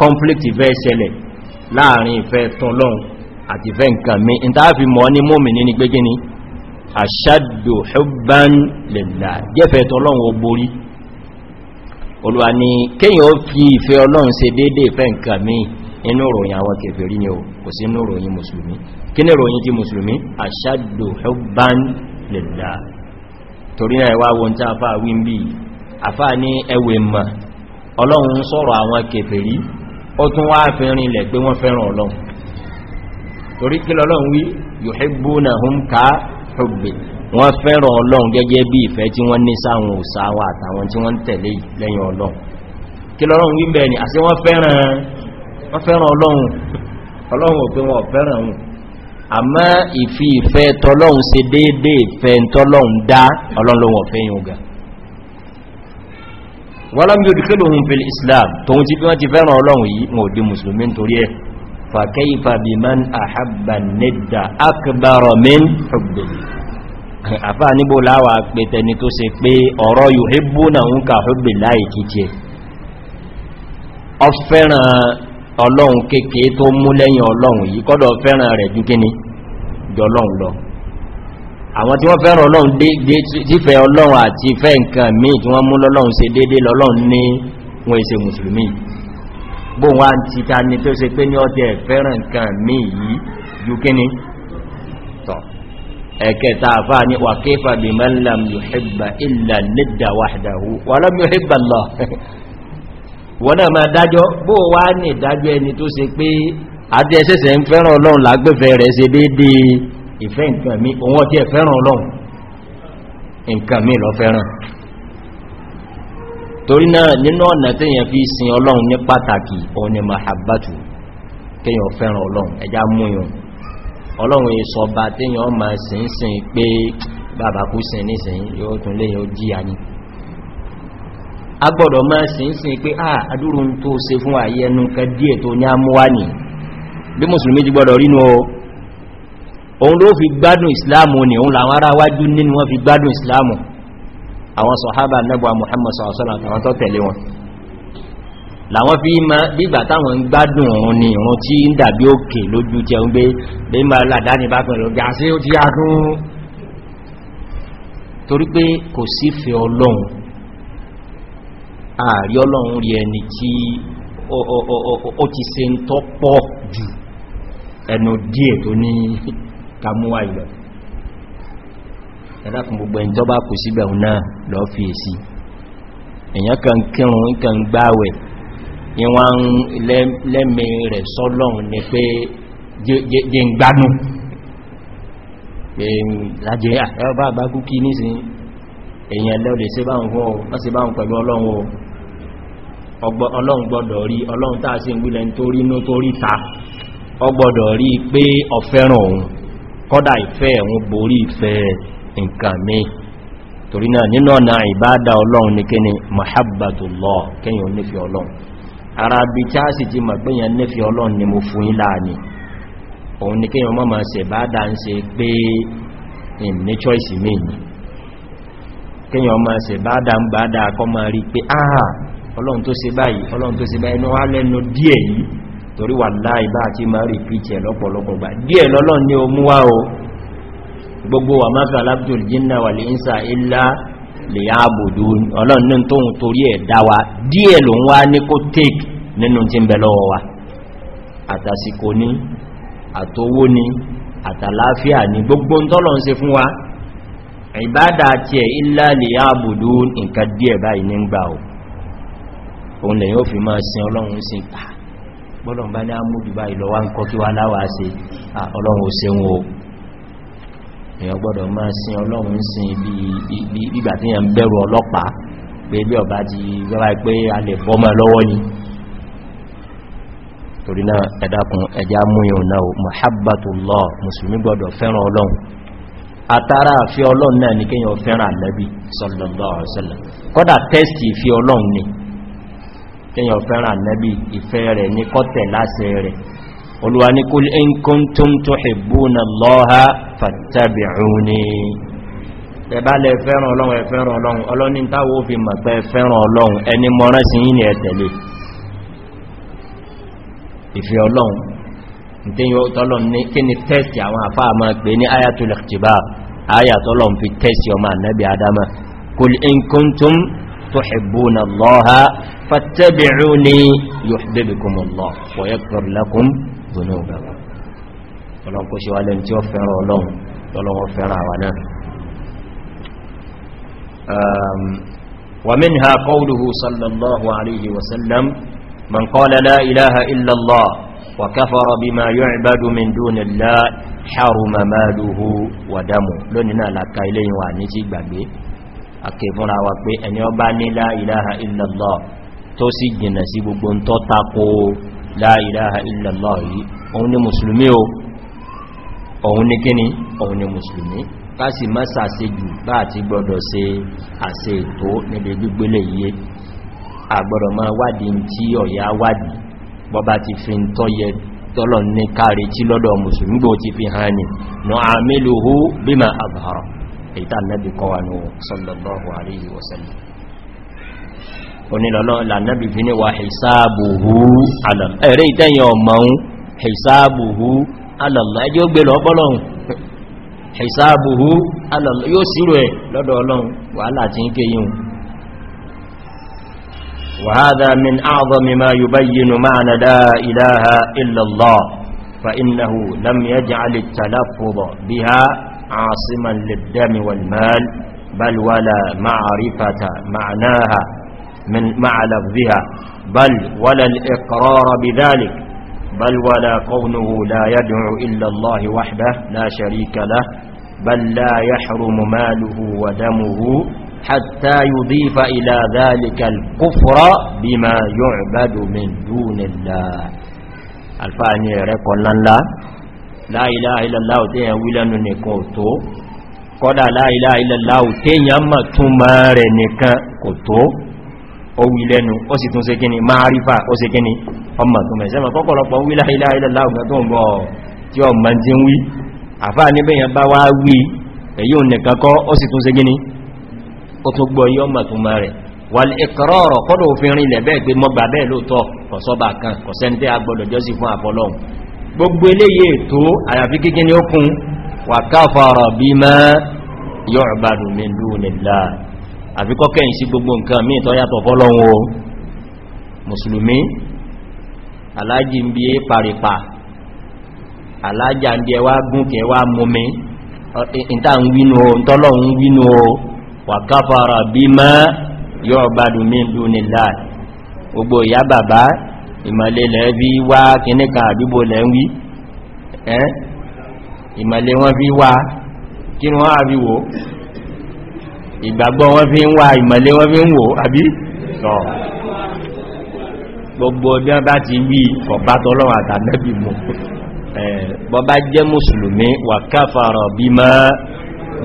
conflict ìfẹ́ ṣẹlẹ̀ láàrin ìfẹ́ tọ́lọ́un àti ìfẹ́ nǹkan mi in ta fi mọ́ ní mọ́mìnì ní gbégé ní ashaddu hubban lillah jẹ́fẹ́ tọ́lọ́un ó borí olúwa ni kéyàn ó fi ìfẹ́ ọlọ́run ṣe dédé ìfẹ́ nǹkan mi inú ìròyìn àwọn kèfèrí ni ó kò sí inú ìròyìn mùsùlùmí kí ní ìròyìn ti mùsùlùmí ashaddu hubban lillah torí náà ẹwà wọn tí a fà wí ń bí àfà ní ẹwẹ̀ mọ̀ ọlọ́run sọ̀rọ̀ àwọn kèfèrí ó tún wá fi rinlẹ̀ pé wọ́n fẹ́ràn ọlọ́run torí kí lọ́lọ́run wí yuhibbunahum ka hubbi wọ́n fẹ́ràn ọlọ́run gẹ́gẹ́ bí ìfẹ́ tí wọ́n ní sáwọn òsáwà àtàwọn tí wọ́n tẹ̀lé lẹ́yìn ọlọ́run kí lọ́lọ́run wí bẹ́ẹ̀ ni àṣẹ wọ́n fẹ́ràn ọlọ́run ọlọ́run ò pé wọn fẹ́ràn òun àmọ́ ìfi ìfẹ́ tọ́lọ́run ṣe wọ́lọ́m yóò dìkílò ohun fil islam tóhun ti bí wọ́n ti fẹ́ràn ọlọ́run yìí wọ́n òdí musulmi torí ẹ fàkẹ́yìfà bí man àhábà nẹ́dà akbaro min hubbin àfá níbò láwà pé tẹni tó se pé ọ̀rọ̀ yóò àwọn tí wọ́n fẹ́ràn ọlọ́run dífẹ́ ọlọ́run àti ìfẹ́ nǹkan míì tí wọ́n mú lọ́lọ́run ṣe dédé lọ́lọ́run ní wọn èsè mùsùlùmí bó wá ń ti ta ni tó ṣe pé ní ọdẹ fẹ́ràn nǹkan míì yìí yú kíní tọ̀ ẹ̀kẹta àfá ní wà kéfà bí mẹ́lẹ̀m yóò illa [LAUGHS] ní ìdájọ́ ẹni tó ìfẹ́ nǹkan mi òun ọ̀tí ẹ̀ fẹ́ràn ọlọ́run nǹkan mi lọ fẹ́ràn torí náà nínú ọ̀nà tí èyàn fi sin ọlọ́run ní pàtàkì òun ni mahabbatu kéyàn fẹ́ràn ọlọ́run ẹjá múyàn ọlọ́run èso ọba téyàn ma sin sin pé bàbá kú sin nísìn yóò tún léyàn jí àní a gbọ́dọ̀ ma sin sin pé à adúrún tó ṣe fún àyẹnu kẹ díẹ̀ tó ní àmúwá ní bí mùsùlùmí ti gbọ́dọ̀ rínú o òun ló fi gbádùn ìsìláàmù ni òun làwọn ará wájú nínú wọn fi gbádùn ìsìláàmù àwọn sọ̀hábà nẹ́bà Muhammad sọ̀rọ̀sọ́lá àtàwọn tó tẹ̀lé wọn làwọn fi ma bígbà táwọn ń gbádùn òun ni òun tí ń dàbí òkè lójú tí ẹun gbé bí ma làdáni bá pẹ̀lú ọjà sí ó ti yàtún torí pé kò sífẹ́ ọlọ́run ààrí ọlọ́run rí ẹni tí ó ti ṣe ń tọ́pọ̀ jù ẹnu díẹ̀ tó ní kàmúwà ìlọ̀ ẹ̀dàkùn gbogbo ẹ̀ntọ́ bá kò síbẹ̀ náà lọ fi èsì èyàn kan kírun kan gbáwẹ̀ ìwọ̀n lẹ́mẹ̀ rẹ̀ sọ́lọ́run ni pé jẹ́ ń gbánú lájẹ́ àtẹ́ọ̀bá àgbágú kí nísìn èyàn lẹ́ọ̀lẹ̀ sí báhùn fún ọ́ sí báhùn pẹ̀lú ọlọ́run ọlọ́run gbọ́dọ̀ rí ọlọ́run tàà sí ìgbìlẹ̀ nítorí nítorí ta ọgbọ́dọ̀ rí pé ọ̀fẹ́ràn òun kọda ìfẹ́ ẹ̀hún borí ìfẹ́ nǹkan mi torí náà nínú ọ̀nà ìbádà ọlọ́run ní kíni mahabbatullah kíyàn nífì ọlọ́run ara bí tí a sì ti mọ̀ ọlọ́run ni mo fún ilá òun ni kíyàn mọ́ máa ṣe bádà ń ṣe pé ní choice mi ni kíyàn ń kọ́ máa rí pé ọlọ́run tó báyìí torí wà láì bá àti máa rí pìtì ẹ̀ lọ́pọ̀lọpọ̀ gbà díẹ̀ lọ́lọ́n ní omú wá o gbogbo wà máa fẹ́ alábdùl jínà wà lè ń sa ilá lè ábòdó ọlọ́run tóhun torí ẹ̀ dáwà díẹ̀ ló ń wá ní kó take nínú tí ń bẹ òun lè yóò fi máa sin ọlọ́run sí tàà gbọ́dọ̀ bá ní àmúdù bá ìlọ́wà ń kọ́ kí wá láwàá sí ọlọ́run ò ṣeun o èyàn gbọ́dọ̀ máa sin ọlọ́run ń sin bí ìgbà tí yàn bẹ̀rù ọlọ́pàá pé bí ọba ti gbọ́ra pé a lè bọ́mọ lọ́wọ́ ni torí náà ẹ̀dàkùn ẹjá múyàn náà muhabbatullah musulmi gbọ́dọ̀ fẹ́ràn ọlọ́run àtàrà fi kíyàn fẹ́ràn nẹ́bí ìfẹ́ rẹ̀ ní kọ́tẹ̀ láṣẹ rẹ̀ olúwa ní kul in kuntum tuhibbuna Allaha fattabi'uni tẹbálẹ̀ fẹ́ràn ọlọ́run ẹ̀fẹ́ràn ọlọ́run ọlọ́ni táwọ́ fi mọ̀ pé fẹ́ràn ọlọ́run ẹni mọ́rán sí yìí ni ẹ tẹ̀lé ìfẹ́ ọlọ́run ìtẹ́yìn ọ̀tọ́lọ́n ní kí ni tẹ́sì àwọn àfáà máa pè ní ayatul ikhtibar ayatollah fi tẹ́sì ọmọ ànẹ́bì adama kul in kuntum تحبون الله فاتبعوني يحببكم الله ويغفر لكم ذنوبكم ọlọ́run kó ṣe wà lẹ́ni tí ó fẹ́ràn ọlọ́run lọ́lọ́wọ́ fẹ́ràn àwà náà ehm, wà mín ha kọ́wùlùhù sallallahu alayhi wasallam man kọ́lá la ilaha illallah wa káfàrọ̀ bí ma yọ ìbádù min dúnilá haruma maluhu wa damu lónìí náà láka ilé ìwà ní ti gbàgbé akẹfúnra wa pé ẹni ọba ní la ilaha illallah tó sì jìnà sí gbogbo tó tako la ilaha illallah yìí òun ni musulmi o òun ni kíni òun ni musulmi káàsì má sàṣe jù bá àti gbọdọ̀ ṣe àṣe ètò nílé gbígbélé yìí àgbọdọ̀ máa wádìí tí ọ̀yá wádìí bọ́bá ti fi ń tọ́yẹ ìtàn nẹ́bì kọ́ wà ní sallallahu alayhi wa sallam onílọ́lọ́ lànẹ́bì fi ní wa hù alam ẹ̀rẹ́ ìtẹ́yìn ọmọun hisabuhu alàlá ẹjọ́ gbé lọ bọ́lọ́hun hisabuhu alàlá yóò وهذا من أعظم ما يبين معنى لا إله إلا الله فإنه لم يجعل التلفظ بها عاصما للدم والمال بل ولا معرفة معناها من مع لفظها بل ولا الإقرار بذلك بل ولا قونه لا يدعو إلا الله وحده لا شريك له بل لا يحرم ماله ودمه حتى يضيف إلى ذلك الكفر بما يعبد من دون الله الفاني رقل لا la ilaha illallah tẹ́yàn wí lẹ́nu nìkan ò tó la ilaha illallah tẹ́yàn mọ̀ tún mọ́ rẹ̀ nìkan kò tó ó wí lẹ́nu ó sì tún ṣe kíni máàrífà ó ṣe la ilaha illallah tó ń bọ̀ tí ọ mọ̀ tí ń wí àfá níbẹ̀yàn bá wá wí èyí ò nìkan kọ́ ó sì tún ṣe kíni gbogbo eléyè ètò àyàfi kíkí ní ókun wà káfàrà bí má yọ ìbàdù mìlú nìlá àfikọ́ kẹ́yìn sí gbogbo nǹkan mí tó yàtọ̀ fọ́lọ́run o alájì ń bí é paripa alájà ń bí ẹwà gúnkẹ wà múmi ìta ń wínú o ìtọ́lọ́run ń wínú o wà káfàrà bí má yọ ìbàdù mìlú nìlá gbogbo ìyá bàbá ìmọ̀lẹ̀ lẹ́ fi wá kìníkà àdúgbò lẹ́ ń wí ìmọ̀lẹ̀ wọ́n fi wá kí wọ́n àbí wò ìgbàgbọ́ wọ́n fi ń wá ìmọ̀lẹ̀ wọ́n fi ń wò àbí sọ gbogbo bí wọ́n bá ti wí ọ̀bá tọ́lọ́wọ̀n àtàbẹ́bì mú bọ́bá jẹ́ mùsùlùmí wà káfàrọ̀ bí mọ́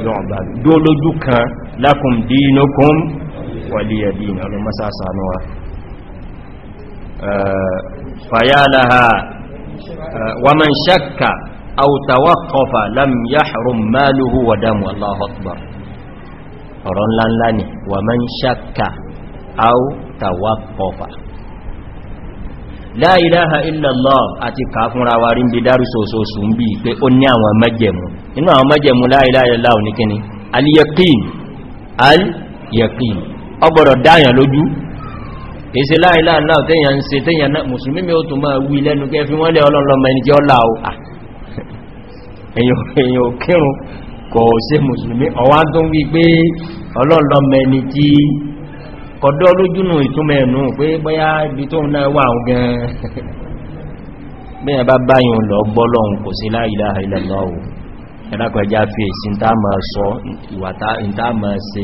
yọ̀nbà dó lójú kan lákùn dínúkún wọlé ẹ̀dí ìrìnàlọ́mọ́sásánúwà fàyálàhà wàmàn ṣakka àwùtàwàkọfà lam yahrum máàlùhù wà dámù Allahu akbar ọ̀rọ̀ ńláńlá ni wàmàn ṣakka àwùtàwàkọfà la ilaha illallah àti kàáfúnra wa rí ń bí dárúsọ̀sọ̀sù ń bí pé ó ní àwọn mẹ́jẹ̀mú inú àwọn mẹ́jẹ̀mú la ilaha illallah ní kíni al-yaqin al-yaqin ó gbọ́dọ̀ dáyàn èsì láìláà náà tẹ́yàn se tẹ́yàn náà mùsùlùmí mi ó tún máa wí lẹ́nu kẹ́ fi wọ́n lẹ́ ọlọ́lọ́mọ ẹni jẹ́ ọlá o èyàn òkírun kò sí mùsùlùmí ọwá tó ń wí pé ọlọ́lọ́mọ ẹni tí kọ̀dọ́ lójúnù ìtúnmẹ̀ ẹ̀nù pé bóyá ibi tó ń náà wà gan bẹ́yàn bá báyìí lọ gbọ́lọ́hun kò sí láìláà ilẹ̀ lọ́wọ́ ẹ̀lákọ̀ẹ́já fi èsì ń tá máa sọ ìwàtá ń tá máa se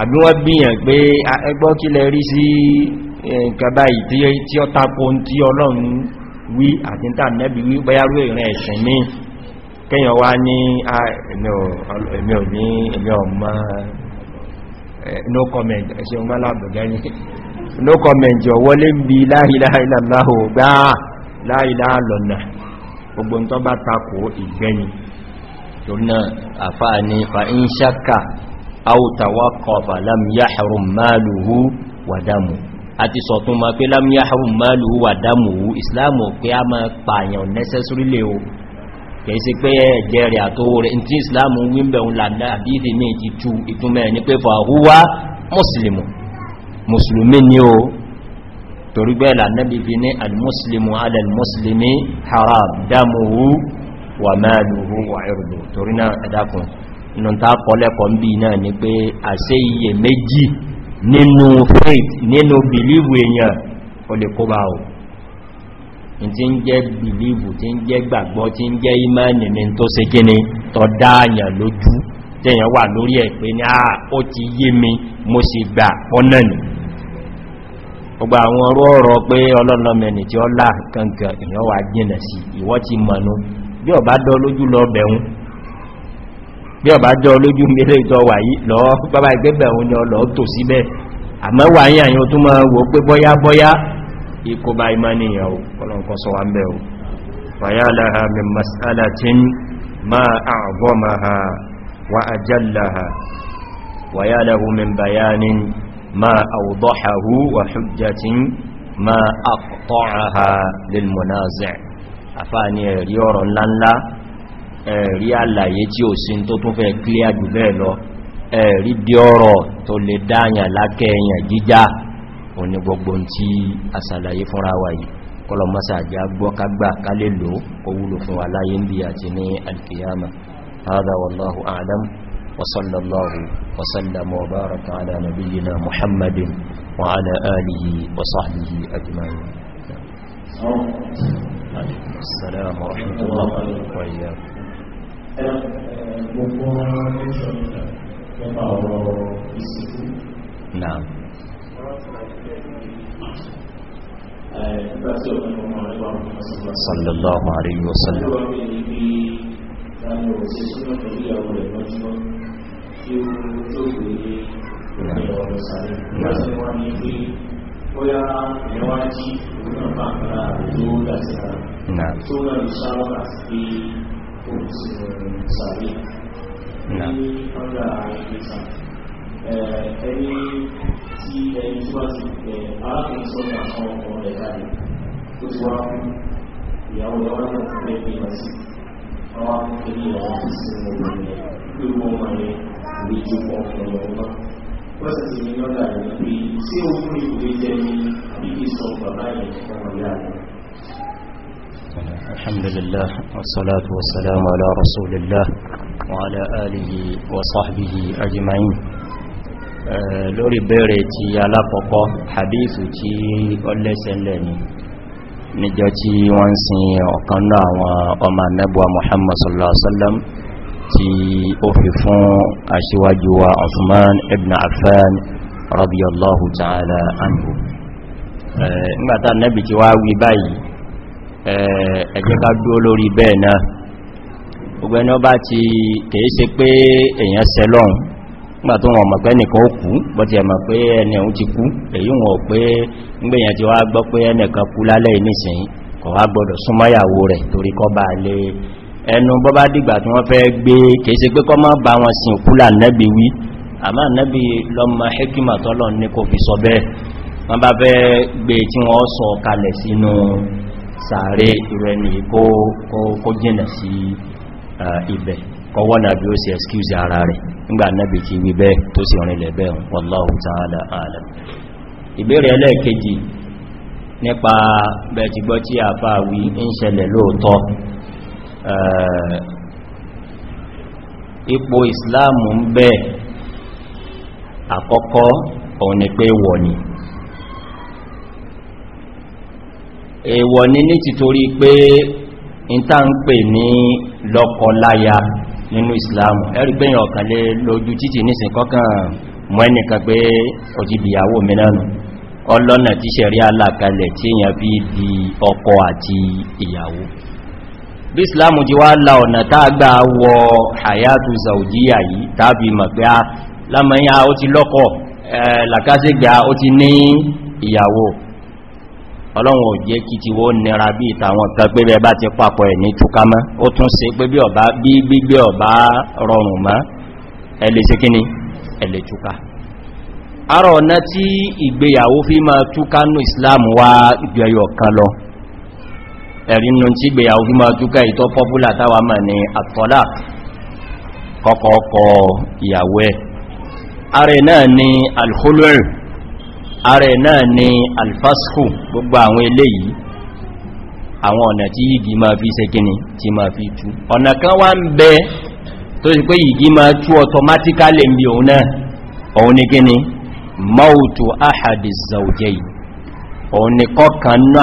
àbí wọ́n bíyàn pé ẹgbọ́ kí lẹ rí sí ìkàbá ìtí ọ́tàkó tí ọlọ́run wí àti tà nẹ́bí wí báyárú ìrìn ẹ̀ṣìn ní kíyàn wá ní ẹ̀mí ò ní ẹ̀mí ọmọ no comment ẹ̀ṣẹ́ ọmọ alábọ̀gẹ́ni no comment yọ wọlé ń bí láìláìláìláhò gbá láìláàlọ́nà gbogbo ń tọ́ bá takò ìgbẹ́ni aw tawaqqafa lam yahrum maluhu wa damu àti sọ̀tún ma pé lam yahrum maluhu wa damuhu islamu pé a ma pààyàn necessary lè o kìí sí pé ẹ̀jẹ̀ rẹ̀ àtówó rẹ̀ tí islamu wímbẹ̀un lànà àdífì ní ti tú ìtúnmẹ́ ní pé fàhúwá mùsùlùmù mùsùlùmí ni o torí bẹ́ẹ̀ lànàbí fi ní almuslimu alàlmuslimi haram damuhu wa maluhu wa irdu torí náà ẹ̀dàkùn inú ta kọlẹ́kọ̀ ń bí náà ni pé àṣẹ iye méjì nínú faith nínú believe èèyàn o lè kó bá o tí ń jẹ́ believe tí ń jẹ́ gbàgbọ́ tí ń jẹ́ imani ni tó se gíní tọ́ dáàyàn lójú tẹ́yàn wà lórí ẹ̀ pé ní àà ó ti yé mi mo sì gbà ọ̀nà nì ọgbà àwọn ọ̀rọ̀ ọ̀rọ̀ pé ọlọ́lọ́mẹni tí ọlá kankan bí ọba jọ lójú mẹ́lẹ̀ ìtọ́ wà yí lọ bàbá ìgbẹ́bẹ̀ òun ni ọlọ́ tò síbẹ̀ àmọ́wà yí àyàn tó máa wò pé bọ́yá bọ́yá ìkọba ìmániyàn ò ọlọ́nkọ́ sọ wá ń bẹ̀ ò fàyà láha min masalatin ma a'zamaha wa ajallaha wa ya lahu ẹ̀rí àlàyé tí ò sí tó tún fẹ́ kílé àjù bẹ́ẹ̀ lọ ẹ̀rí dí ọ̀rọ̀ tó lè dáyàn lákẹ́ èyàn jíjá òní gbogbo tí a sàlàyé fúnra wà yìí kọlọmọ́sà àjá gbọ́kagbà kálẹ̀ lò kó wúlò fún wa láyé ń bí àti ní alkiyama هذا والله أعلم وصلى الله وسلم وبارك على نبينا محمد وعلى آله وصحبه أجمعين السلام ورحمة الله وإياكم gbogbo ẹjọ́ nípa ọ̀rọ̀ ìsìnkú náà sallallahu alayhi wa sallam bóyá ẹ̀wà jí òun kó sí sàrí ní ọjà ìgbésà ẹni tí ẹni tí wá sí ẹ̀ arákùnrin sọ́jà kan ọmọ rẹ̀ jáde tó ti wá fún ìyàwó ìyàwó الحمد لله والصلاة والسلام على رسول الله وعلى آله وصحبه أجمعين lórí bẹ̀rẹ̀ tí alákọ̀ọ́kọ́ hadithu tí ó lẹ́sẹ̀lẹ̀ ni níjọ tí wọ́n ń sin ọ̀kan náà àwọn ọmọ nẹ́bùwa Muhammad sallallahu alaihi wasallam tí ó fi fún aṣíwájú wa Uthman ibn Affan radiyallahu ta'ala anhu nígbàtà nẹ́bì tí wá wí báyìí ẹ̀jẹ́ ká dúó lórí bẹ́ẹ̀ náà gbogbo ẹni ó bá ti kèé ṣe pé èyàn sẹlọ́un nígbà tó wọn mọ̀pẹ́ nìkan ó kú bọ́ ti ẹ̀mọ̀ pé ẹni ẹ̀hún ti kú èyí wọn pé ngbèyàn ti wá gbọ́ pé ẹnìkan kú lálẹ́ ìnísìn kọ̀ wá gbọ́dọ̀ súnmọ́yàwó rẹ̀ torí kọ́ bá lé ẹnu bọ́ wọ́n bá fẹ́ gbé e tí wọ́n sọ kalẹ̀ sínú sàárè ìrẹni kó jìnà sí ibẹ̀ kọwọ́ náà bí ó sì excuse ara rẹ̀ nígbà náàbì ti wí tó sì rìnlẹ̀ bẹ́ wallahu ta'ala alam ìbéèrè ẹlẹ́ẹ̀kejì nípa bẹ̀tìgbọ́ wí èèwọ̀ ní ní títorí pé ìta ń pè ní lọ́kọláya nínú ìsìláàmù ẹ̀rí pé yàn kàlẹ̀ lójú títì nísìn kọ́kàn mọ́ ẹnìkan pé òjìbìyàwó mìírànù ọlọ́nà tí ṣẹ̀rí alákalẹ̀ tí èyàn fi di ọkọ àti ìyàwó bí ìsìláàmù ti wá la ọ̀nà tágbà wọ hayatu zaujiya yìí tàbí mọ̀ ah, lámọ́yá ó ti lọ́kọ làkásígbà ó ti ní ìyàwó ọlọ́run ò jẹ́ kí ti wó nira bí ìtàwọn kan pé bẹ bá ti papọ̀ ẹ̀ ní túká mọ́ ó tún se pé bí ọba bí gbígbé ọba rọrùn mọ́ ẹlẹ́ sí kíní ẹlẹ́ túká ara ọ̀nà tí ìgbéyàwó fi ma túká ní islam wá gbẹ̀yọ̀ kan lọ ẹ̀rinú tí ìgbéyàwó fi ma túká ìtọ́ pọ́pùlà táwà mọ̀ ní àtọ́lá ààrẹ náà ni alfasku gbogbo àwọn yìí àwọn ọ̀nà tí yìí ma fi ṣe gini tí ma fi tú ọ̀nà kan wá ń bẹ tó sì pé yìí ma tú automatically bí òun náà òun ni kíni mautu ahadi òun ni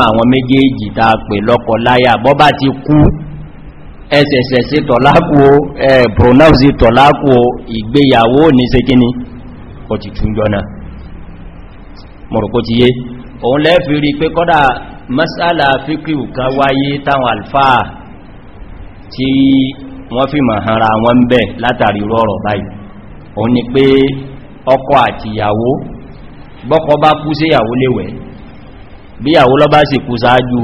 àwọn méjèèjì ta pè láyà ẹsẹsẹ mọ̀rọ̀kó ti yé òun lẹ́fì rí pé kọ́dà masala fíkíù kan wáyé táwọn alfáà tí wọ́n fi mọ̀ hànra wọn ń bẹ̀ látàrí rọrọ̀ báyìí òun ni pé ọkọ àtìyàwó bọ́kọ bá kú sí ìyàwó léwẹ̀ bí ìyàwó lọ bá sì kú sáájú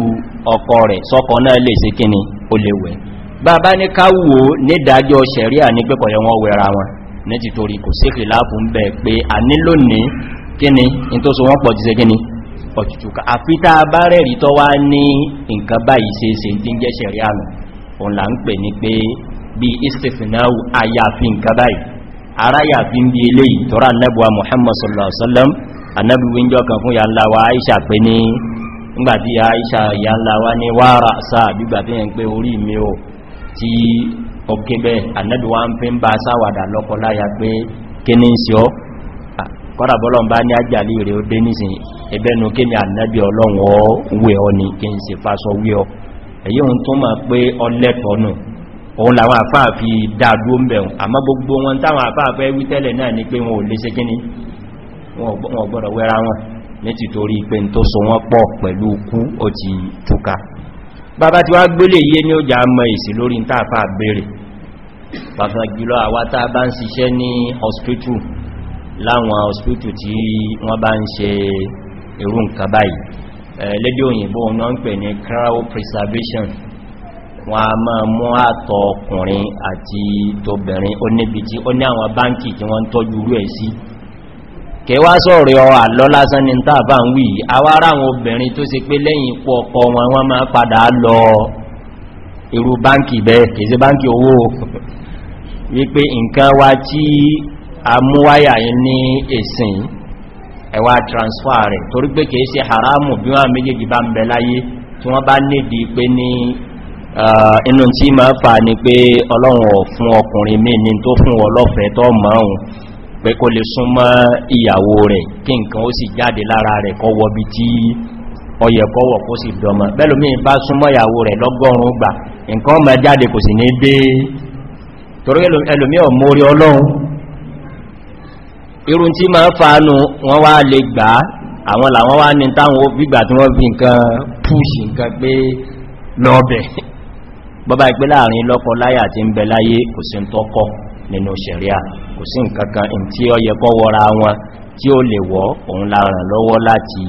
ọkọ rẹ̀ sọ́kọ náà lè ṣe kíni ó léwẹ̀ bàbá ní káwò nídàájọ́ sẹ̀ríà ní pẹ́kọ̀ọ́ wọn wẹ̀ra wọn ní títorí kò sí kìláàfún bẹ̀ pé a nílò ní kíni in tó so wọ́n pọ̀ jíse kíni ọ̀tùtùkà àfíta bá rẹ̀rí tọ́ wá ní nǹkan báyìí se se tí ń jẹ́ ṣẹ̀rí àmì òun là ń pè ní pé bí istifinawu ayàfin nǹkan báyìí ara bí ilé ìtọ́rà annabuwa muhammad sallallahu alaihi wasallam annabi wíjọ kan fún yànlá wa aisha pé aisha yànlá wa ní wàrà sáà gbígbà tí yẹn pé orí mi o tí ọkẹ́bẹ̀ annabi kọ́dà bọ́lọ́n bá ní àjàlì rẹ̀ ó dé nísìn ẹbẹ́nu kí ni ànábí ọlọ́run ọ wẹ́ ọ ni kí n sì fásọ wẹ́ ọ èyí ohun tó máa pé ọlẹ́tọ̀ọ́nù òun làwọn àfáà fi dáadú mẹ́un àmọ́ gbogbo wọn táwọn àfáà fẹ́ wí tẹ́lẹ̀ náà ni pé wọn ò lè ṣe kí ni wọn gbọ́dọ̀ wẹ́ra wọn ní ti torí pé tó so wọ́n pọ̀ pẹ̀lú kú ó ti bàbá tí wá gbélé yé ní ó jà mọ lórí ń tàfà béèrè pàtàkì jùlọ àwátá bá ń siṣẹ́ ní hospital láwọn hospital tí wọ́n bá ń ṣe irú nǹkan báyìí eh, lédè òyìnbó náà ń pè ní cryopreservation wọ́n a máa mú àtọ̀ ọkùnrin àti tóbìnrin ó níbi tí ó ní àwọn báńkì tí wọ́n ń tọ́jú rú ẹ̀ sí kẹwà sọ̀rọ̀ ọ àlọ́ lásán ní tàbà ń wì awárá àwọn obìnrin tó ṣe pé lẹ́yìn ikú ọkọ wọn wọ́n máa padà lọ irú báńkì bẹ́ẹ̀ kèsí báńkì owó [LAUGHS] wípé nǹkan wá tí àmúwáyà ní èsìn ẹwà transfer rẹ̀ torí pé kìí ṣe haramu bí wọ́n méjèèjì bá ń bẹ láyé tí wọ́n bá nìdí pé ní inú tí ma fà ní pé ọlọ́run fún ọkùnrin mí ní tó fún ọlọ́fẹ́ tó mọ́un pé kó lè súnmọ́ ìyàwó rẹ̀ kí nǹkan ó sì jáde lára rẹ̀ kọ́ wọbi tí ọyẹ̀ kọ́wọ̀ kó sì dọmọ bẹ́lùmí bá súnmọ́ ìyàwó rẹ̀ lọ́gọ́rùn gbà nǹkan ọmọ jáde kò sì ní dé torí ẹlòmí ọmọ orí ọlọ́run irun tí ma ń fàánù wọ́n wá lè gbà àwọn làwọn wá ní táwọn gbígbà tí wọ́n fi nǹkan púùsì nǹkan gbé lọ́ọ̀bẹ̀ bọ́bá ìpé láàrin lọ́kọ láyà tí ń bẹ láyé kò sí tọ́kọ́ nínú sẹ̀ríà kò sí nǹkankan tí ó yẹ kọ́ wọ́ra wọn tí ó lè wọ́ òun láàrin lọ́wọ́ láti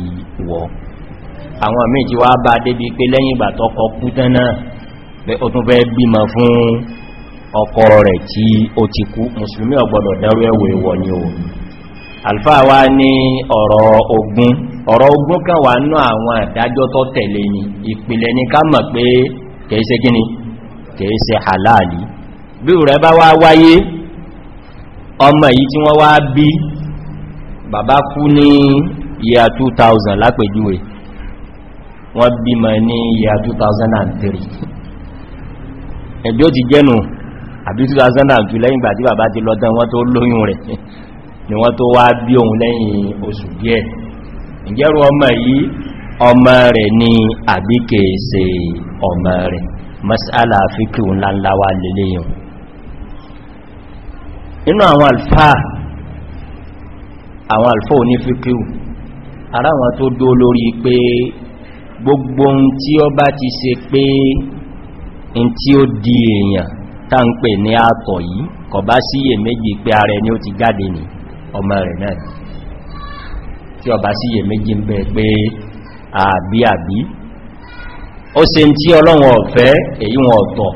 wọ́ àwọn méjì wá bá débi pé lẹ́yìn ìgbà tọ́kọ kú tán pé ó tún fẹ́ bímọ fún ọkọ rẹ̀ tí ó ti kú mùsùlùmí ò dárú ẹ̀wẹ̀ ìwọ̀ ni òun Alfa wá ní ọ̀rọ̀ ogun ọ̀rọ̀ ogun kan wà ní àwọn àdájọ́ tó tẹ̀lé ni ìpìlẹ̀ ní ká mọ̀ pé kèése gíní kèése halali bí rẹ̀ bá wá wáyé ọmọ yìí tí wọ́n wá bí bàbá kú ní year 2000 lápèjúwe wọ́n bí mọ̀ ní year 2003 ẹ̀bí ó ti jẹ́nu àbí 2002 lẹ́yìn ìgbà tí bàbá ti lọ wọ́n tó lóyún rẹ̀ ni wọ́n tó wá bí òun lẹ́yìn oṣù díẹ̀ ìjẹ́rù ọmọ yìí ọmọ rẹ̀ ni àbí kèèsè ọmọ rẹ̀ masala fíkì ńláńláwà lèléyàn inú àwọn alfa àwọn alfa òní fíkì ara wọn tó dó lórí pé gbogbo tí ó bá ti ṣe pé in tí ó di èèyàn tá ní àtọ̀ yìí kọ̀ bá síyè pé ara ẹni ó ti jáde nìí ọmọ rẹ̀ náà tí ọba sí yẹ méjì ń bẹ pé àbí àbí ó se ń tí ọlọ́run ọ̀fẹ́ èyí wọn ọ̀tọ̀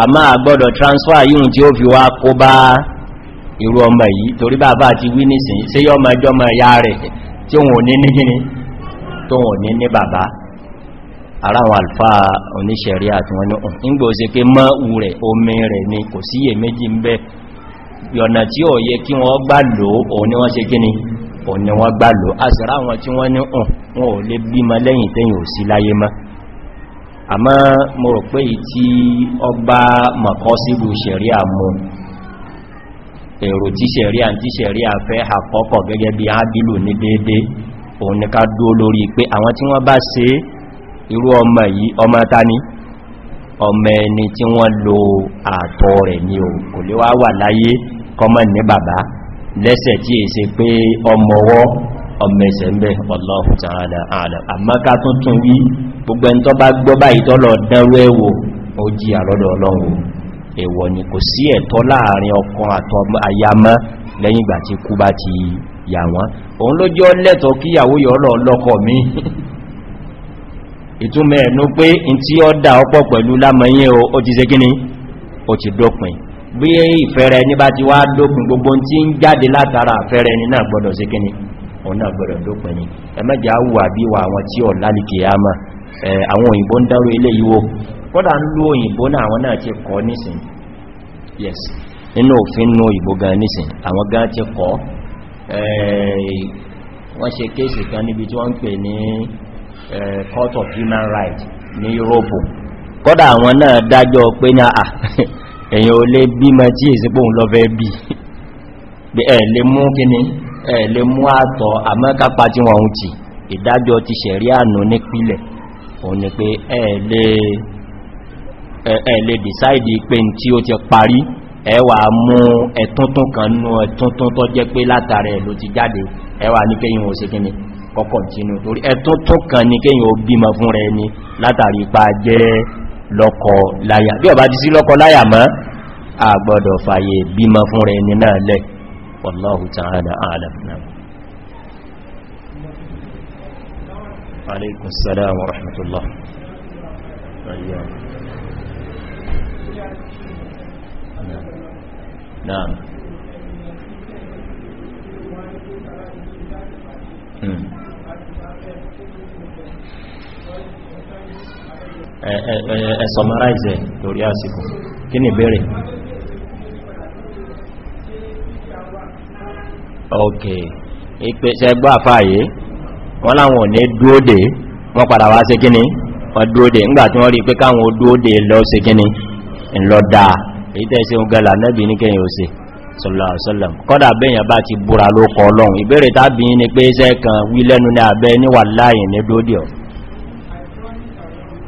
a máa gbọ́dọ̀ transfer yíhun tí ó fi wá kó bá irú ọmọ yìí torí bàbá ti wí nìsìn sí ọmọ ẹjọ́ ọmọ ẹ̀yà rẹ̀ tí òun ò ní ní gíní tó òun ní ní bàbá ara àwọn alfa oníṣẹ̀rí àti ní ọ̀n ìgbò sí pé mọ́ ù omi rẹ̀ ni kò síyè méjì ń bẹ́ẹ̀ pé ọ̀nà tí ó yẹ kí wọ́n gbà lò òun ni wọ́n ṣe kíni òun ni wọ́n gbà lò a sẹ́rá wọn tí wọ́n ní ọ̀n wọn ò lè bímọ lẹ́yìn tẹ́yìn ò sí láyé mọ́ àmọ́ mo rò pé tí ọba mọ̀kọ́ síbù ṣẹ̀rí àmọ́ èrò tí ṣẹ̀rí àti ṣẹ̀rí àfẹ́ àkọ́kọ̀ gẹ́gẹ́ bí ábílù ní déédé ọmọ ẹni tí wọ́n lo àtọ̀ rẹ̀ ní o kò lè wá wà láyé kọmọ ní bàbá lẹ́sẹ̀ tí è ṣe pé ọmọwọ́ ọmọẹsẹ̀ ń bẹ̀ Allahu ta'ala a'lam àmá ká tún tún wí gbogbo ẹni tó bá gbọ́ báyìí tọ́lọ̀ dánwẹ́ wò ó jí àlọ́dọ̀ ọlọ́run èwọ̀ ni kò sí ẹ̀tọ́ láàrin ọkàn àtọ àyàmọ́ lẹ́yìn ìgbà tí kú bá ti yà wọ́n òun ló jẹ́ lẹ́tọ̀ kíyàwó yọ lọ lọ́kọ mi [LAUGHS] ìtumẹ̀ ẹ̀nú pé in tí ó dà ọpọ̀ pẹ̀lú lámọ́yẹ́ o ti ṣe gíní o ti dópin bí ìfẹ́rẹ̀ ní bá ti wá gbogbo tí ń jáde látara àfẹ́rẹ̀ ní náà gbọdọ̀ sí kíní ọ̀nà gbọdọ̀ dópin ní ẹmẹ́jà wà bí wà àwọn tí ọ̀ lálìkì àmà àwọn òyìnbó ń dáró ilé yíwó kọ́dà ń lú òyìnbó náà yes ti ní court of human rights kọ́dà àwọn náà dájọ́ pé ní ah, èyàn ò lè bí ma tí èsì pòun lọ fẹ́ bí bí ẹ̀ lè mú kíní ẹ̀ lè mú àtọ̀ àmọ́kápá tí wọ́n ń tì ìdájọ́ ti ṣẹ̀rí ànú nípìlẹ̀ òun ni pé ẹ̀ lè dìsáìdì pé tí ó ti parí ẹwà mú ẹ̀túntún kan nú ẹ̀túntún tó jẹ́ pé látàrí ẹ̀ ló ti jáde ẹwà ní kéyìn ò sí kíní kọ́kọ̀ tínú torí ẹ̀túntún kan ní kéyìn ó bímọ fún rẹ ni látàrí ipa jẹ́ lọ́kọ̀ láyà bí ọba ti sí lọ́kọ̀ láyà mọ́ àgbọ́dọ̀ fàyè bímọ fún rẹ̀ ní náà lẹ́ wallahu ta'ala a'lam alaykum assalam wa rahmatullah Naam. Hmm. ẹ̀sọ̀mọ́ráìzẹ̀ lórí àsìkò kí ni bẹ̀rẹ̀ ok ìpèsè ẹgbọ́ àfáàyè wọ́n láwọn ò ní dúódé wọ́n padà wá sí kíní wọ́n dúódé ńgbà tí wọ́n rí pé káwọn ó dúódé lọ sí kíní ńlọ́dá èyí tẹ́ sí ogala nẹ́bì ní kẹyìn ò sí sọ́lọ̀sọ́lọ̀ kọ́dà bẹ́yàn bá ti búra ló kọ ọlọ́run ìbéèrè tàbí ní pé iṣẹ́ kan wí lẹ́nu ní abẹ́ níwà láyìn ní dódíọ̀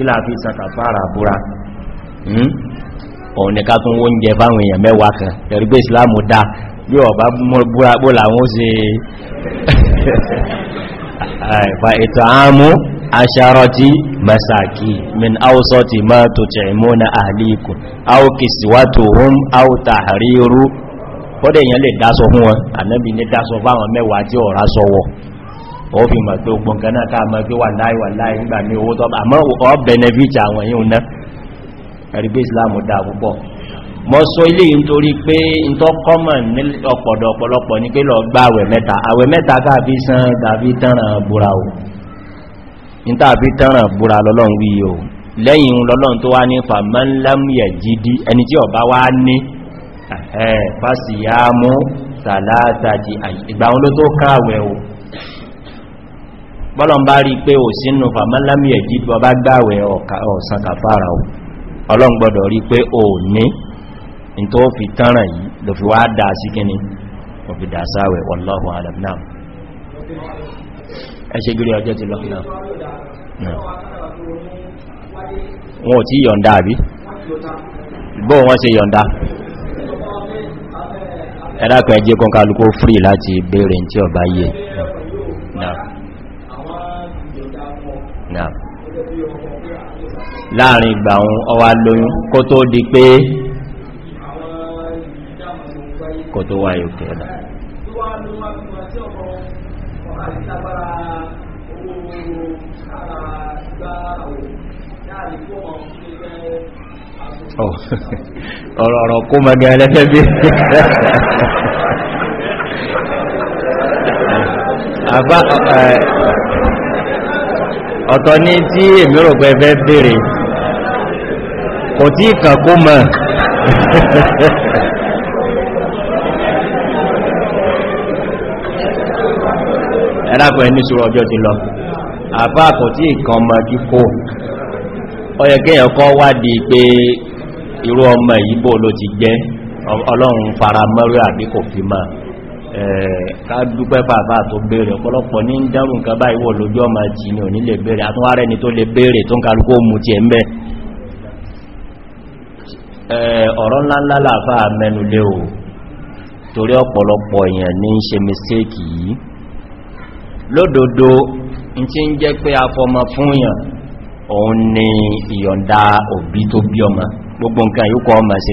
kí láàfí sàkà fara búra ọ̀nà hmm? ká tún oúnjẹ fáwọn èèyàn mẹ́wàá kan pẹ̀lú pé ìsìláàmù dá bí ọ̀bá búra bó làwọn ó se [LAUGHS] fa ètò àmú aṣarọ́tí masaki min ausọ́tí ma tó tẹ̀mú na àlíkù aukisiwato hun auta hariru kọ́dẹ̀ èèyàn lè dásọ fún wọn ànábi ní dásọ fáwọn mẹ́wàá tí ọ̀rá sọwọ́ ó fi mọ̀ pé ogun kanáà káà mọ́ pé wà láì wà láì nígbà ní owó tọ́ àmọ́ ọ benefit àwọn yíò náà ẹ̀rígbé islam dá púpọ̀ mọ́ sọ ilé nítorí pé in tó kọ́mọ̀ ní ọ̀pọ̀dọ̀ ọ̀pọ̀lọpọ̀ ní pé lọ gbá àwẹ̀ mẹ́ta àwẹ̀ mẹ́ta káàbí sán tàbí tánràn búra o ní tàbí tánràn búra lọ́lọ́run wí o lẹ́yìn lọ́lọ́run tó wá ní fàmánlámùyẹ̀ jídí ẹni tí ọba wá ní ẹ̀ẹ́ fásìyàmú tàlátàjì ìgbà wọn ló tó káàwẹ̀ o bọ́lọ̀n bá rí pé ò sínú fàmọ́lámì ẹ̀jí bọba gbáwẹ̀ ọ̀sán kàfàrà ọlọ́n gbọ́dọ̀ rí pé ò ní in tó fi tánràn yìí ló fi wá dáa sí kíní ò fi dáa sáwẹ̀ wallahu alam náà ẹṣẹ́ gírí wọ́n ṣe ẹ̀dàkọ̀ ẹjẹ́ kọkàlùkó free láti bèèrè tí ọba yìí náà náà láàrin ìgbà òun ọwà lóyún kó tó di pé kò tó wáyé òkè ẹ̀dà [LAUGHS] ọ̀rọ̀ ọ̀rọ̀ kó mẹ́gẹ́ ẹlẹ́fẹ́ bí [LAUGHS] àbá ọ̀tọ̀ ní tí èmi rò pé fẹ́ bèèrè kò tí ìkàn kó mọ̀ ẹ̀rápọ̀ ẹni ṣúrọ̀ ọjọ́ ti lọ àbá kò tí ìkàn ọmọ kíkó ọyẹ̀kẹ́ ẹ̀kọ́ wádìí pé irú ọmọ ìyíbò ló ti jẹ́ ọlọ́run fara mọ́rí àbí fi máa kádúpẹ́ fàfà tó bèèrè ọ̀pọ̀lọpọ̀ ní dárùn nǹkan bá ìwọ̀ lójú ọmọ jì ní òní lè bèèrè àtúnwárẹ́ ni tó lè bèèrè tó ń kálukó mú ti ẹ̀mẹ́ ọ̀rọ̀ ńláńlá o torí ni nse ni ìyọ̀ǹda òbí tó bí ọmọ gbogbo nǹkan yíkọ ọmọ sí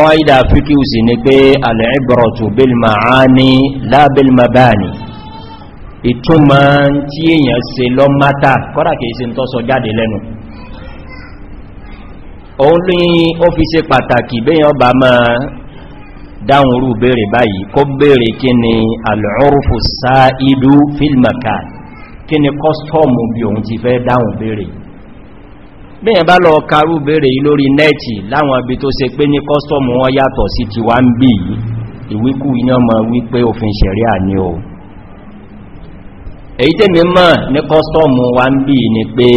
kọ́ ìdá fíkíù sí ni pé alẹ́ẹ̀bọ̀rọ̀tù bilmaani lábílmabani ìtumọ̀ tí èyàn se lọ mátà kọ́dà kìí se tó sọ jáde lẹ́nu òun ní ó fi se pàtàkì bẹ́yàn bá máa dáhùn rú bèèrè báyìí kó bèèrè kí ni alẹ́ọ̀rùfù sáà ìlú fílmàkà kí ni kọ́stọ̀mù bí ti fẹ́ dáhùn bèèrè yìí bẹ́yẹn bá lọ karú bèèrè yìí lórí nẹ́ẹ̀tì láwọn ibi tó se pé ní kọ́stọ̀mù wọ́n yàtọ̀ sí ti wá ń bí yìí ìwíkú iná ma wípé òfin ṣẹ̀ríà ní o èyí tèmi mọ̀ ní kọ́stọ̀mù wá ń bí ni pé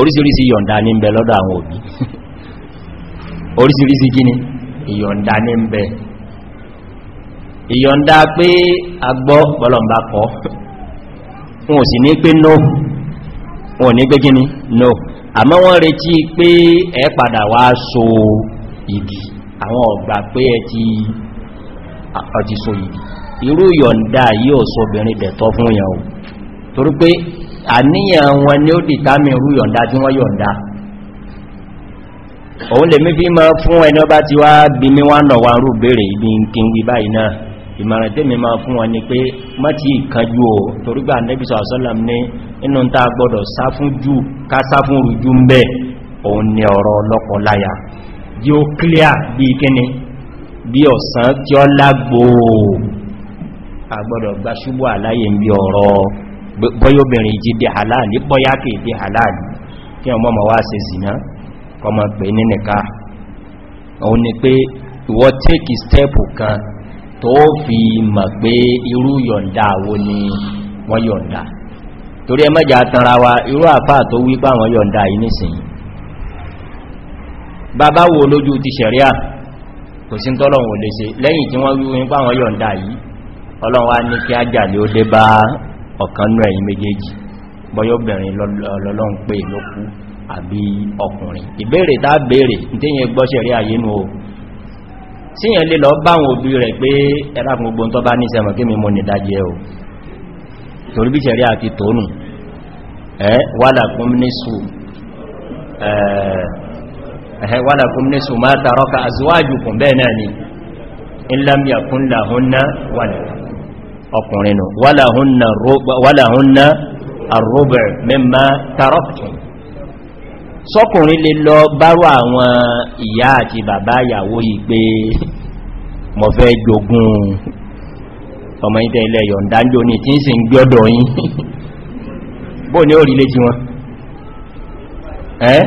orísìírísìí yọ̀ǹda ní ń bẹ lọ́dọ̀ àwọn òbí orísìírísìí gíní ìyọ̀ǹda ní ń bẹ ìyọ̀ǹda no wọn ò no àmọ́ wọ́n retí pé ẹ padà wá so igi àwọn ọ̀gbà pé ẹ ti so igi irú yọ̀ǹda yìí ò so fún yàn o torí pé àníyàn wọn ni ó dìtàmì irú yọ̀ǹda tí wọ́n yọ̀ǹda òun lè mí fi mọ́ fún ẹni ọba ti wá bí mi wá nọ̀ wá rú bèèrè ibi kí ń wí ìmọ̀ràn tẹ́mi máa fún wọn ni pé má ti ìkanjú o torígbà nẹ́bìsà ọ̀sọ́làm ní inú ta gbọ́dọ̀ sá fún jù ká sá fún rújú ń bẹ́ òun ni ọ̀rọ̀ ọlọ́pọ̀ láyà jí ó clear bí kíni bí ọ̀sán tí ó lágbò agbọ́dọ̀ ni pé ìwọ tẹ́kì stẹ́pù kan tó fi mọ̀ pé irú yọ̀ǹda wo ni wọ́n yọ̀ǹda torí ẹ mẹ́jà tanra wa irú àpá tó wípá wọ́n yọ̀ǹda yìí nìsìn bàbá wo lójú ti ṣẹ̀ríà kò sí tọ́lọ̀wọ̀n lè ṣe lẹ́yìn tí wọ́n wíwín pá wọ́n yọ̀ǹda yìí ọlọ́wọ́ ní kí ájà lè ó dé bá ọ̀kanú ẹ̀yìn méjèèjì bọ́yọ́bìnrin lọ́lọ́n pé lókú àbí ọkùnrin ìbéèrè tá béèrè ní tí yẹn gbọ́ṣẹ̀rí ayénú o síyàn lè lọ báwọn òbí rẹ̀ pé ẹ̀rà gbogbo tó bá níṣẹ́ mọ̀ kí mi mọ́ nìdájí ẹ̀ o torí bí ṣẹ̀rí àti tónù wàlàkún nísù máa tàrọka àzíwájùkùn bẹ́ẹ̀ náà ni ìlàmìyàkún làhúnná ọkùnrin wàlàhúnná sọ́kùnrin lè lọ bárò àwọn ìyá àti bàbá ìyàwó yìí pé mọ̀ fẹ́ jogun ọmọ ìtẹ́ ilẹ̀ yọ̀ndájò ní tí ń sì ń gbọ́dọ̀ yìí [LAUGHS] bó ní orílẹ̀ jí wọn ẹ́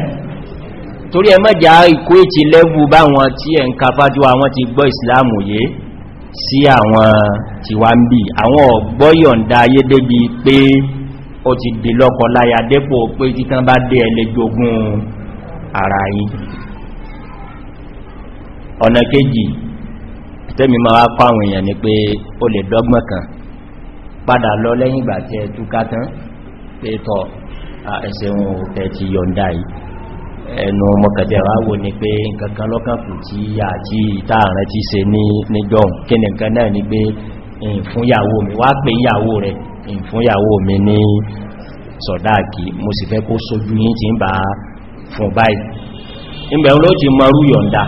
torí ẹ mẹ́jà ikú ìtì lẹ́gbù bá tí ẹ̀ ń kafájú àwọn ti gbọ́ ìsìláàmù yé sí àwọn tí àwọn ọ̀gbọ́ yọ̀ndá ayédébi pé ó ti dè lọ́kọ̀ láyà dépò pé títán bá dé ẹlẹ́ jogun ara yìí ọ̀nà kejì tẹ́mi ma wá pàwọn èèyàn ni pé o lè dọ́gbọ́n kan padà lọ lẹ́yìn ìgbà tí ẹ túká tán pẹ́tọ̀ ẹsẹ̀ wọn ò tẹ́ ti yọ̀ǹda yìí ẹnu mọ̀kàtẹ̀ wá wò ní pé nǹkankan lọ́kàn kù tí àti ìta ti se ní níjọ́ kí nìkan náà ni pé fún mi wá pé ìyàwó rẹ̀ ìfúnyàwó mi ní sọ̀dáàkì mo sì fẹ́ kó sójú yí ti ń bá fún báyìí ìgbẹ̀rún ló ti mọrú yọ̀ǹda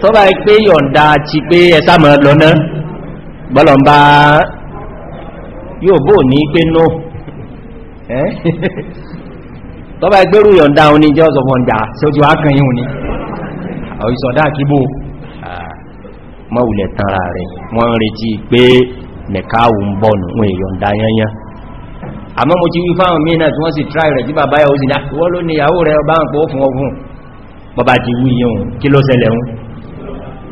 tó bá pé yọ̀ǹda ti pé ẹsà mọ̀ lọ́nà bọ́lọ̀mbá yóò bó ní pé no tó bá gbérú yọ̀ǹda oní jẹ́ ọ̀sọ̀ fọ́njà tí ó ti wá kan yíò ní ọ̀ìsọ̀dá kíbò mọ́wùlẹ̀ retí pé nìkáàwù ń bọ̀nù wọn èèyàn dáyányán àmọ́ mo ti wí fáwọn mìíràn tí wọ́n sì tráì rẹ̀ tí bàbá yà ó sì ní ah, wọ́n ló ní ìyàwó rẹ̀ ọba ń pọ̀ fún ọfún bọ́bá ti wí yẹun kí ló sẹlẹ̀ ń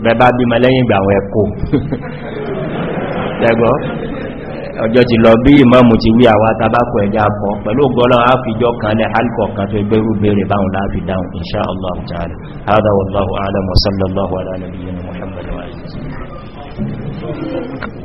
bẹ̀bá bí ma lẹ́yìn ìgbà àwọn ẹ̀kọ́ ẹgbọ́ ọjọ́ hada wallahu alam sallallahu ala nabiyyina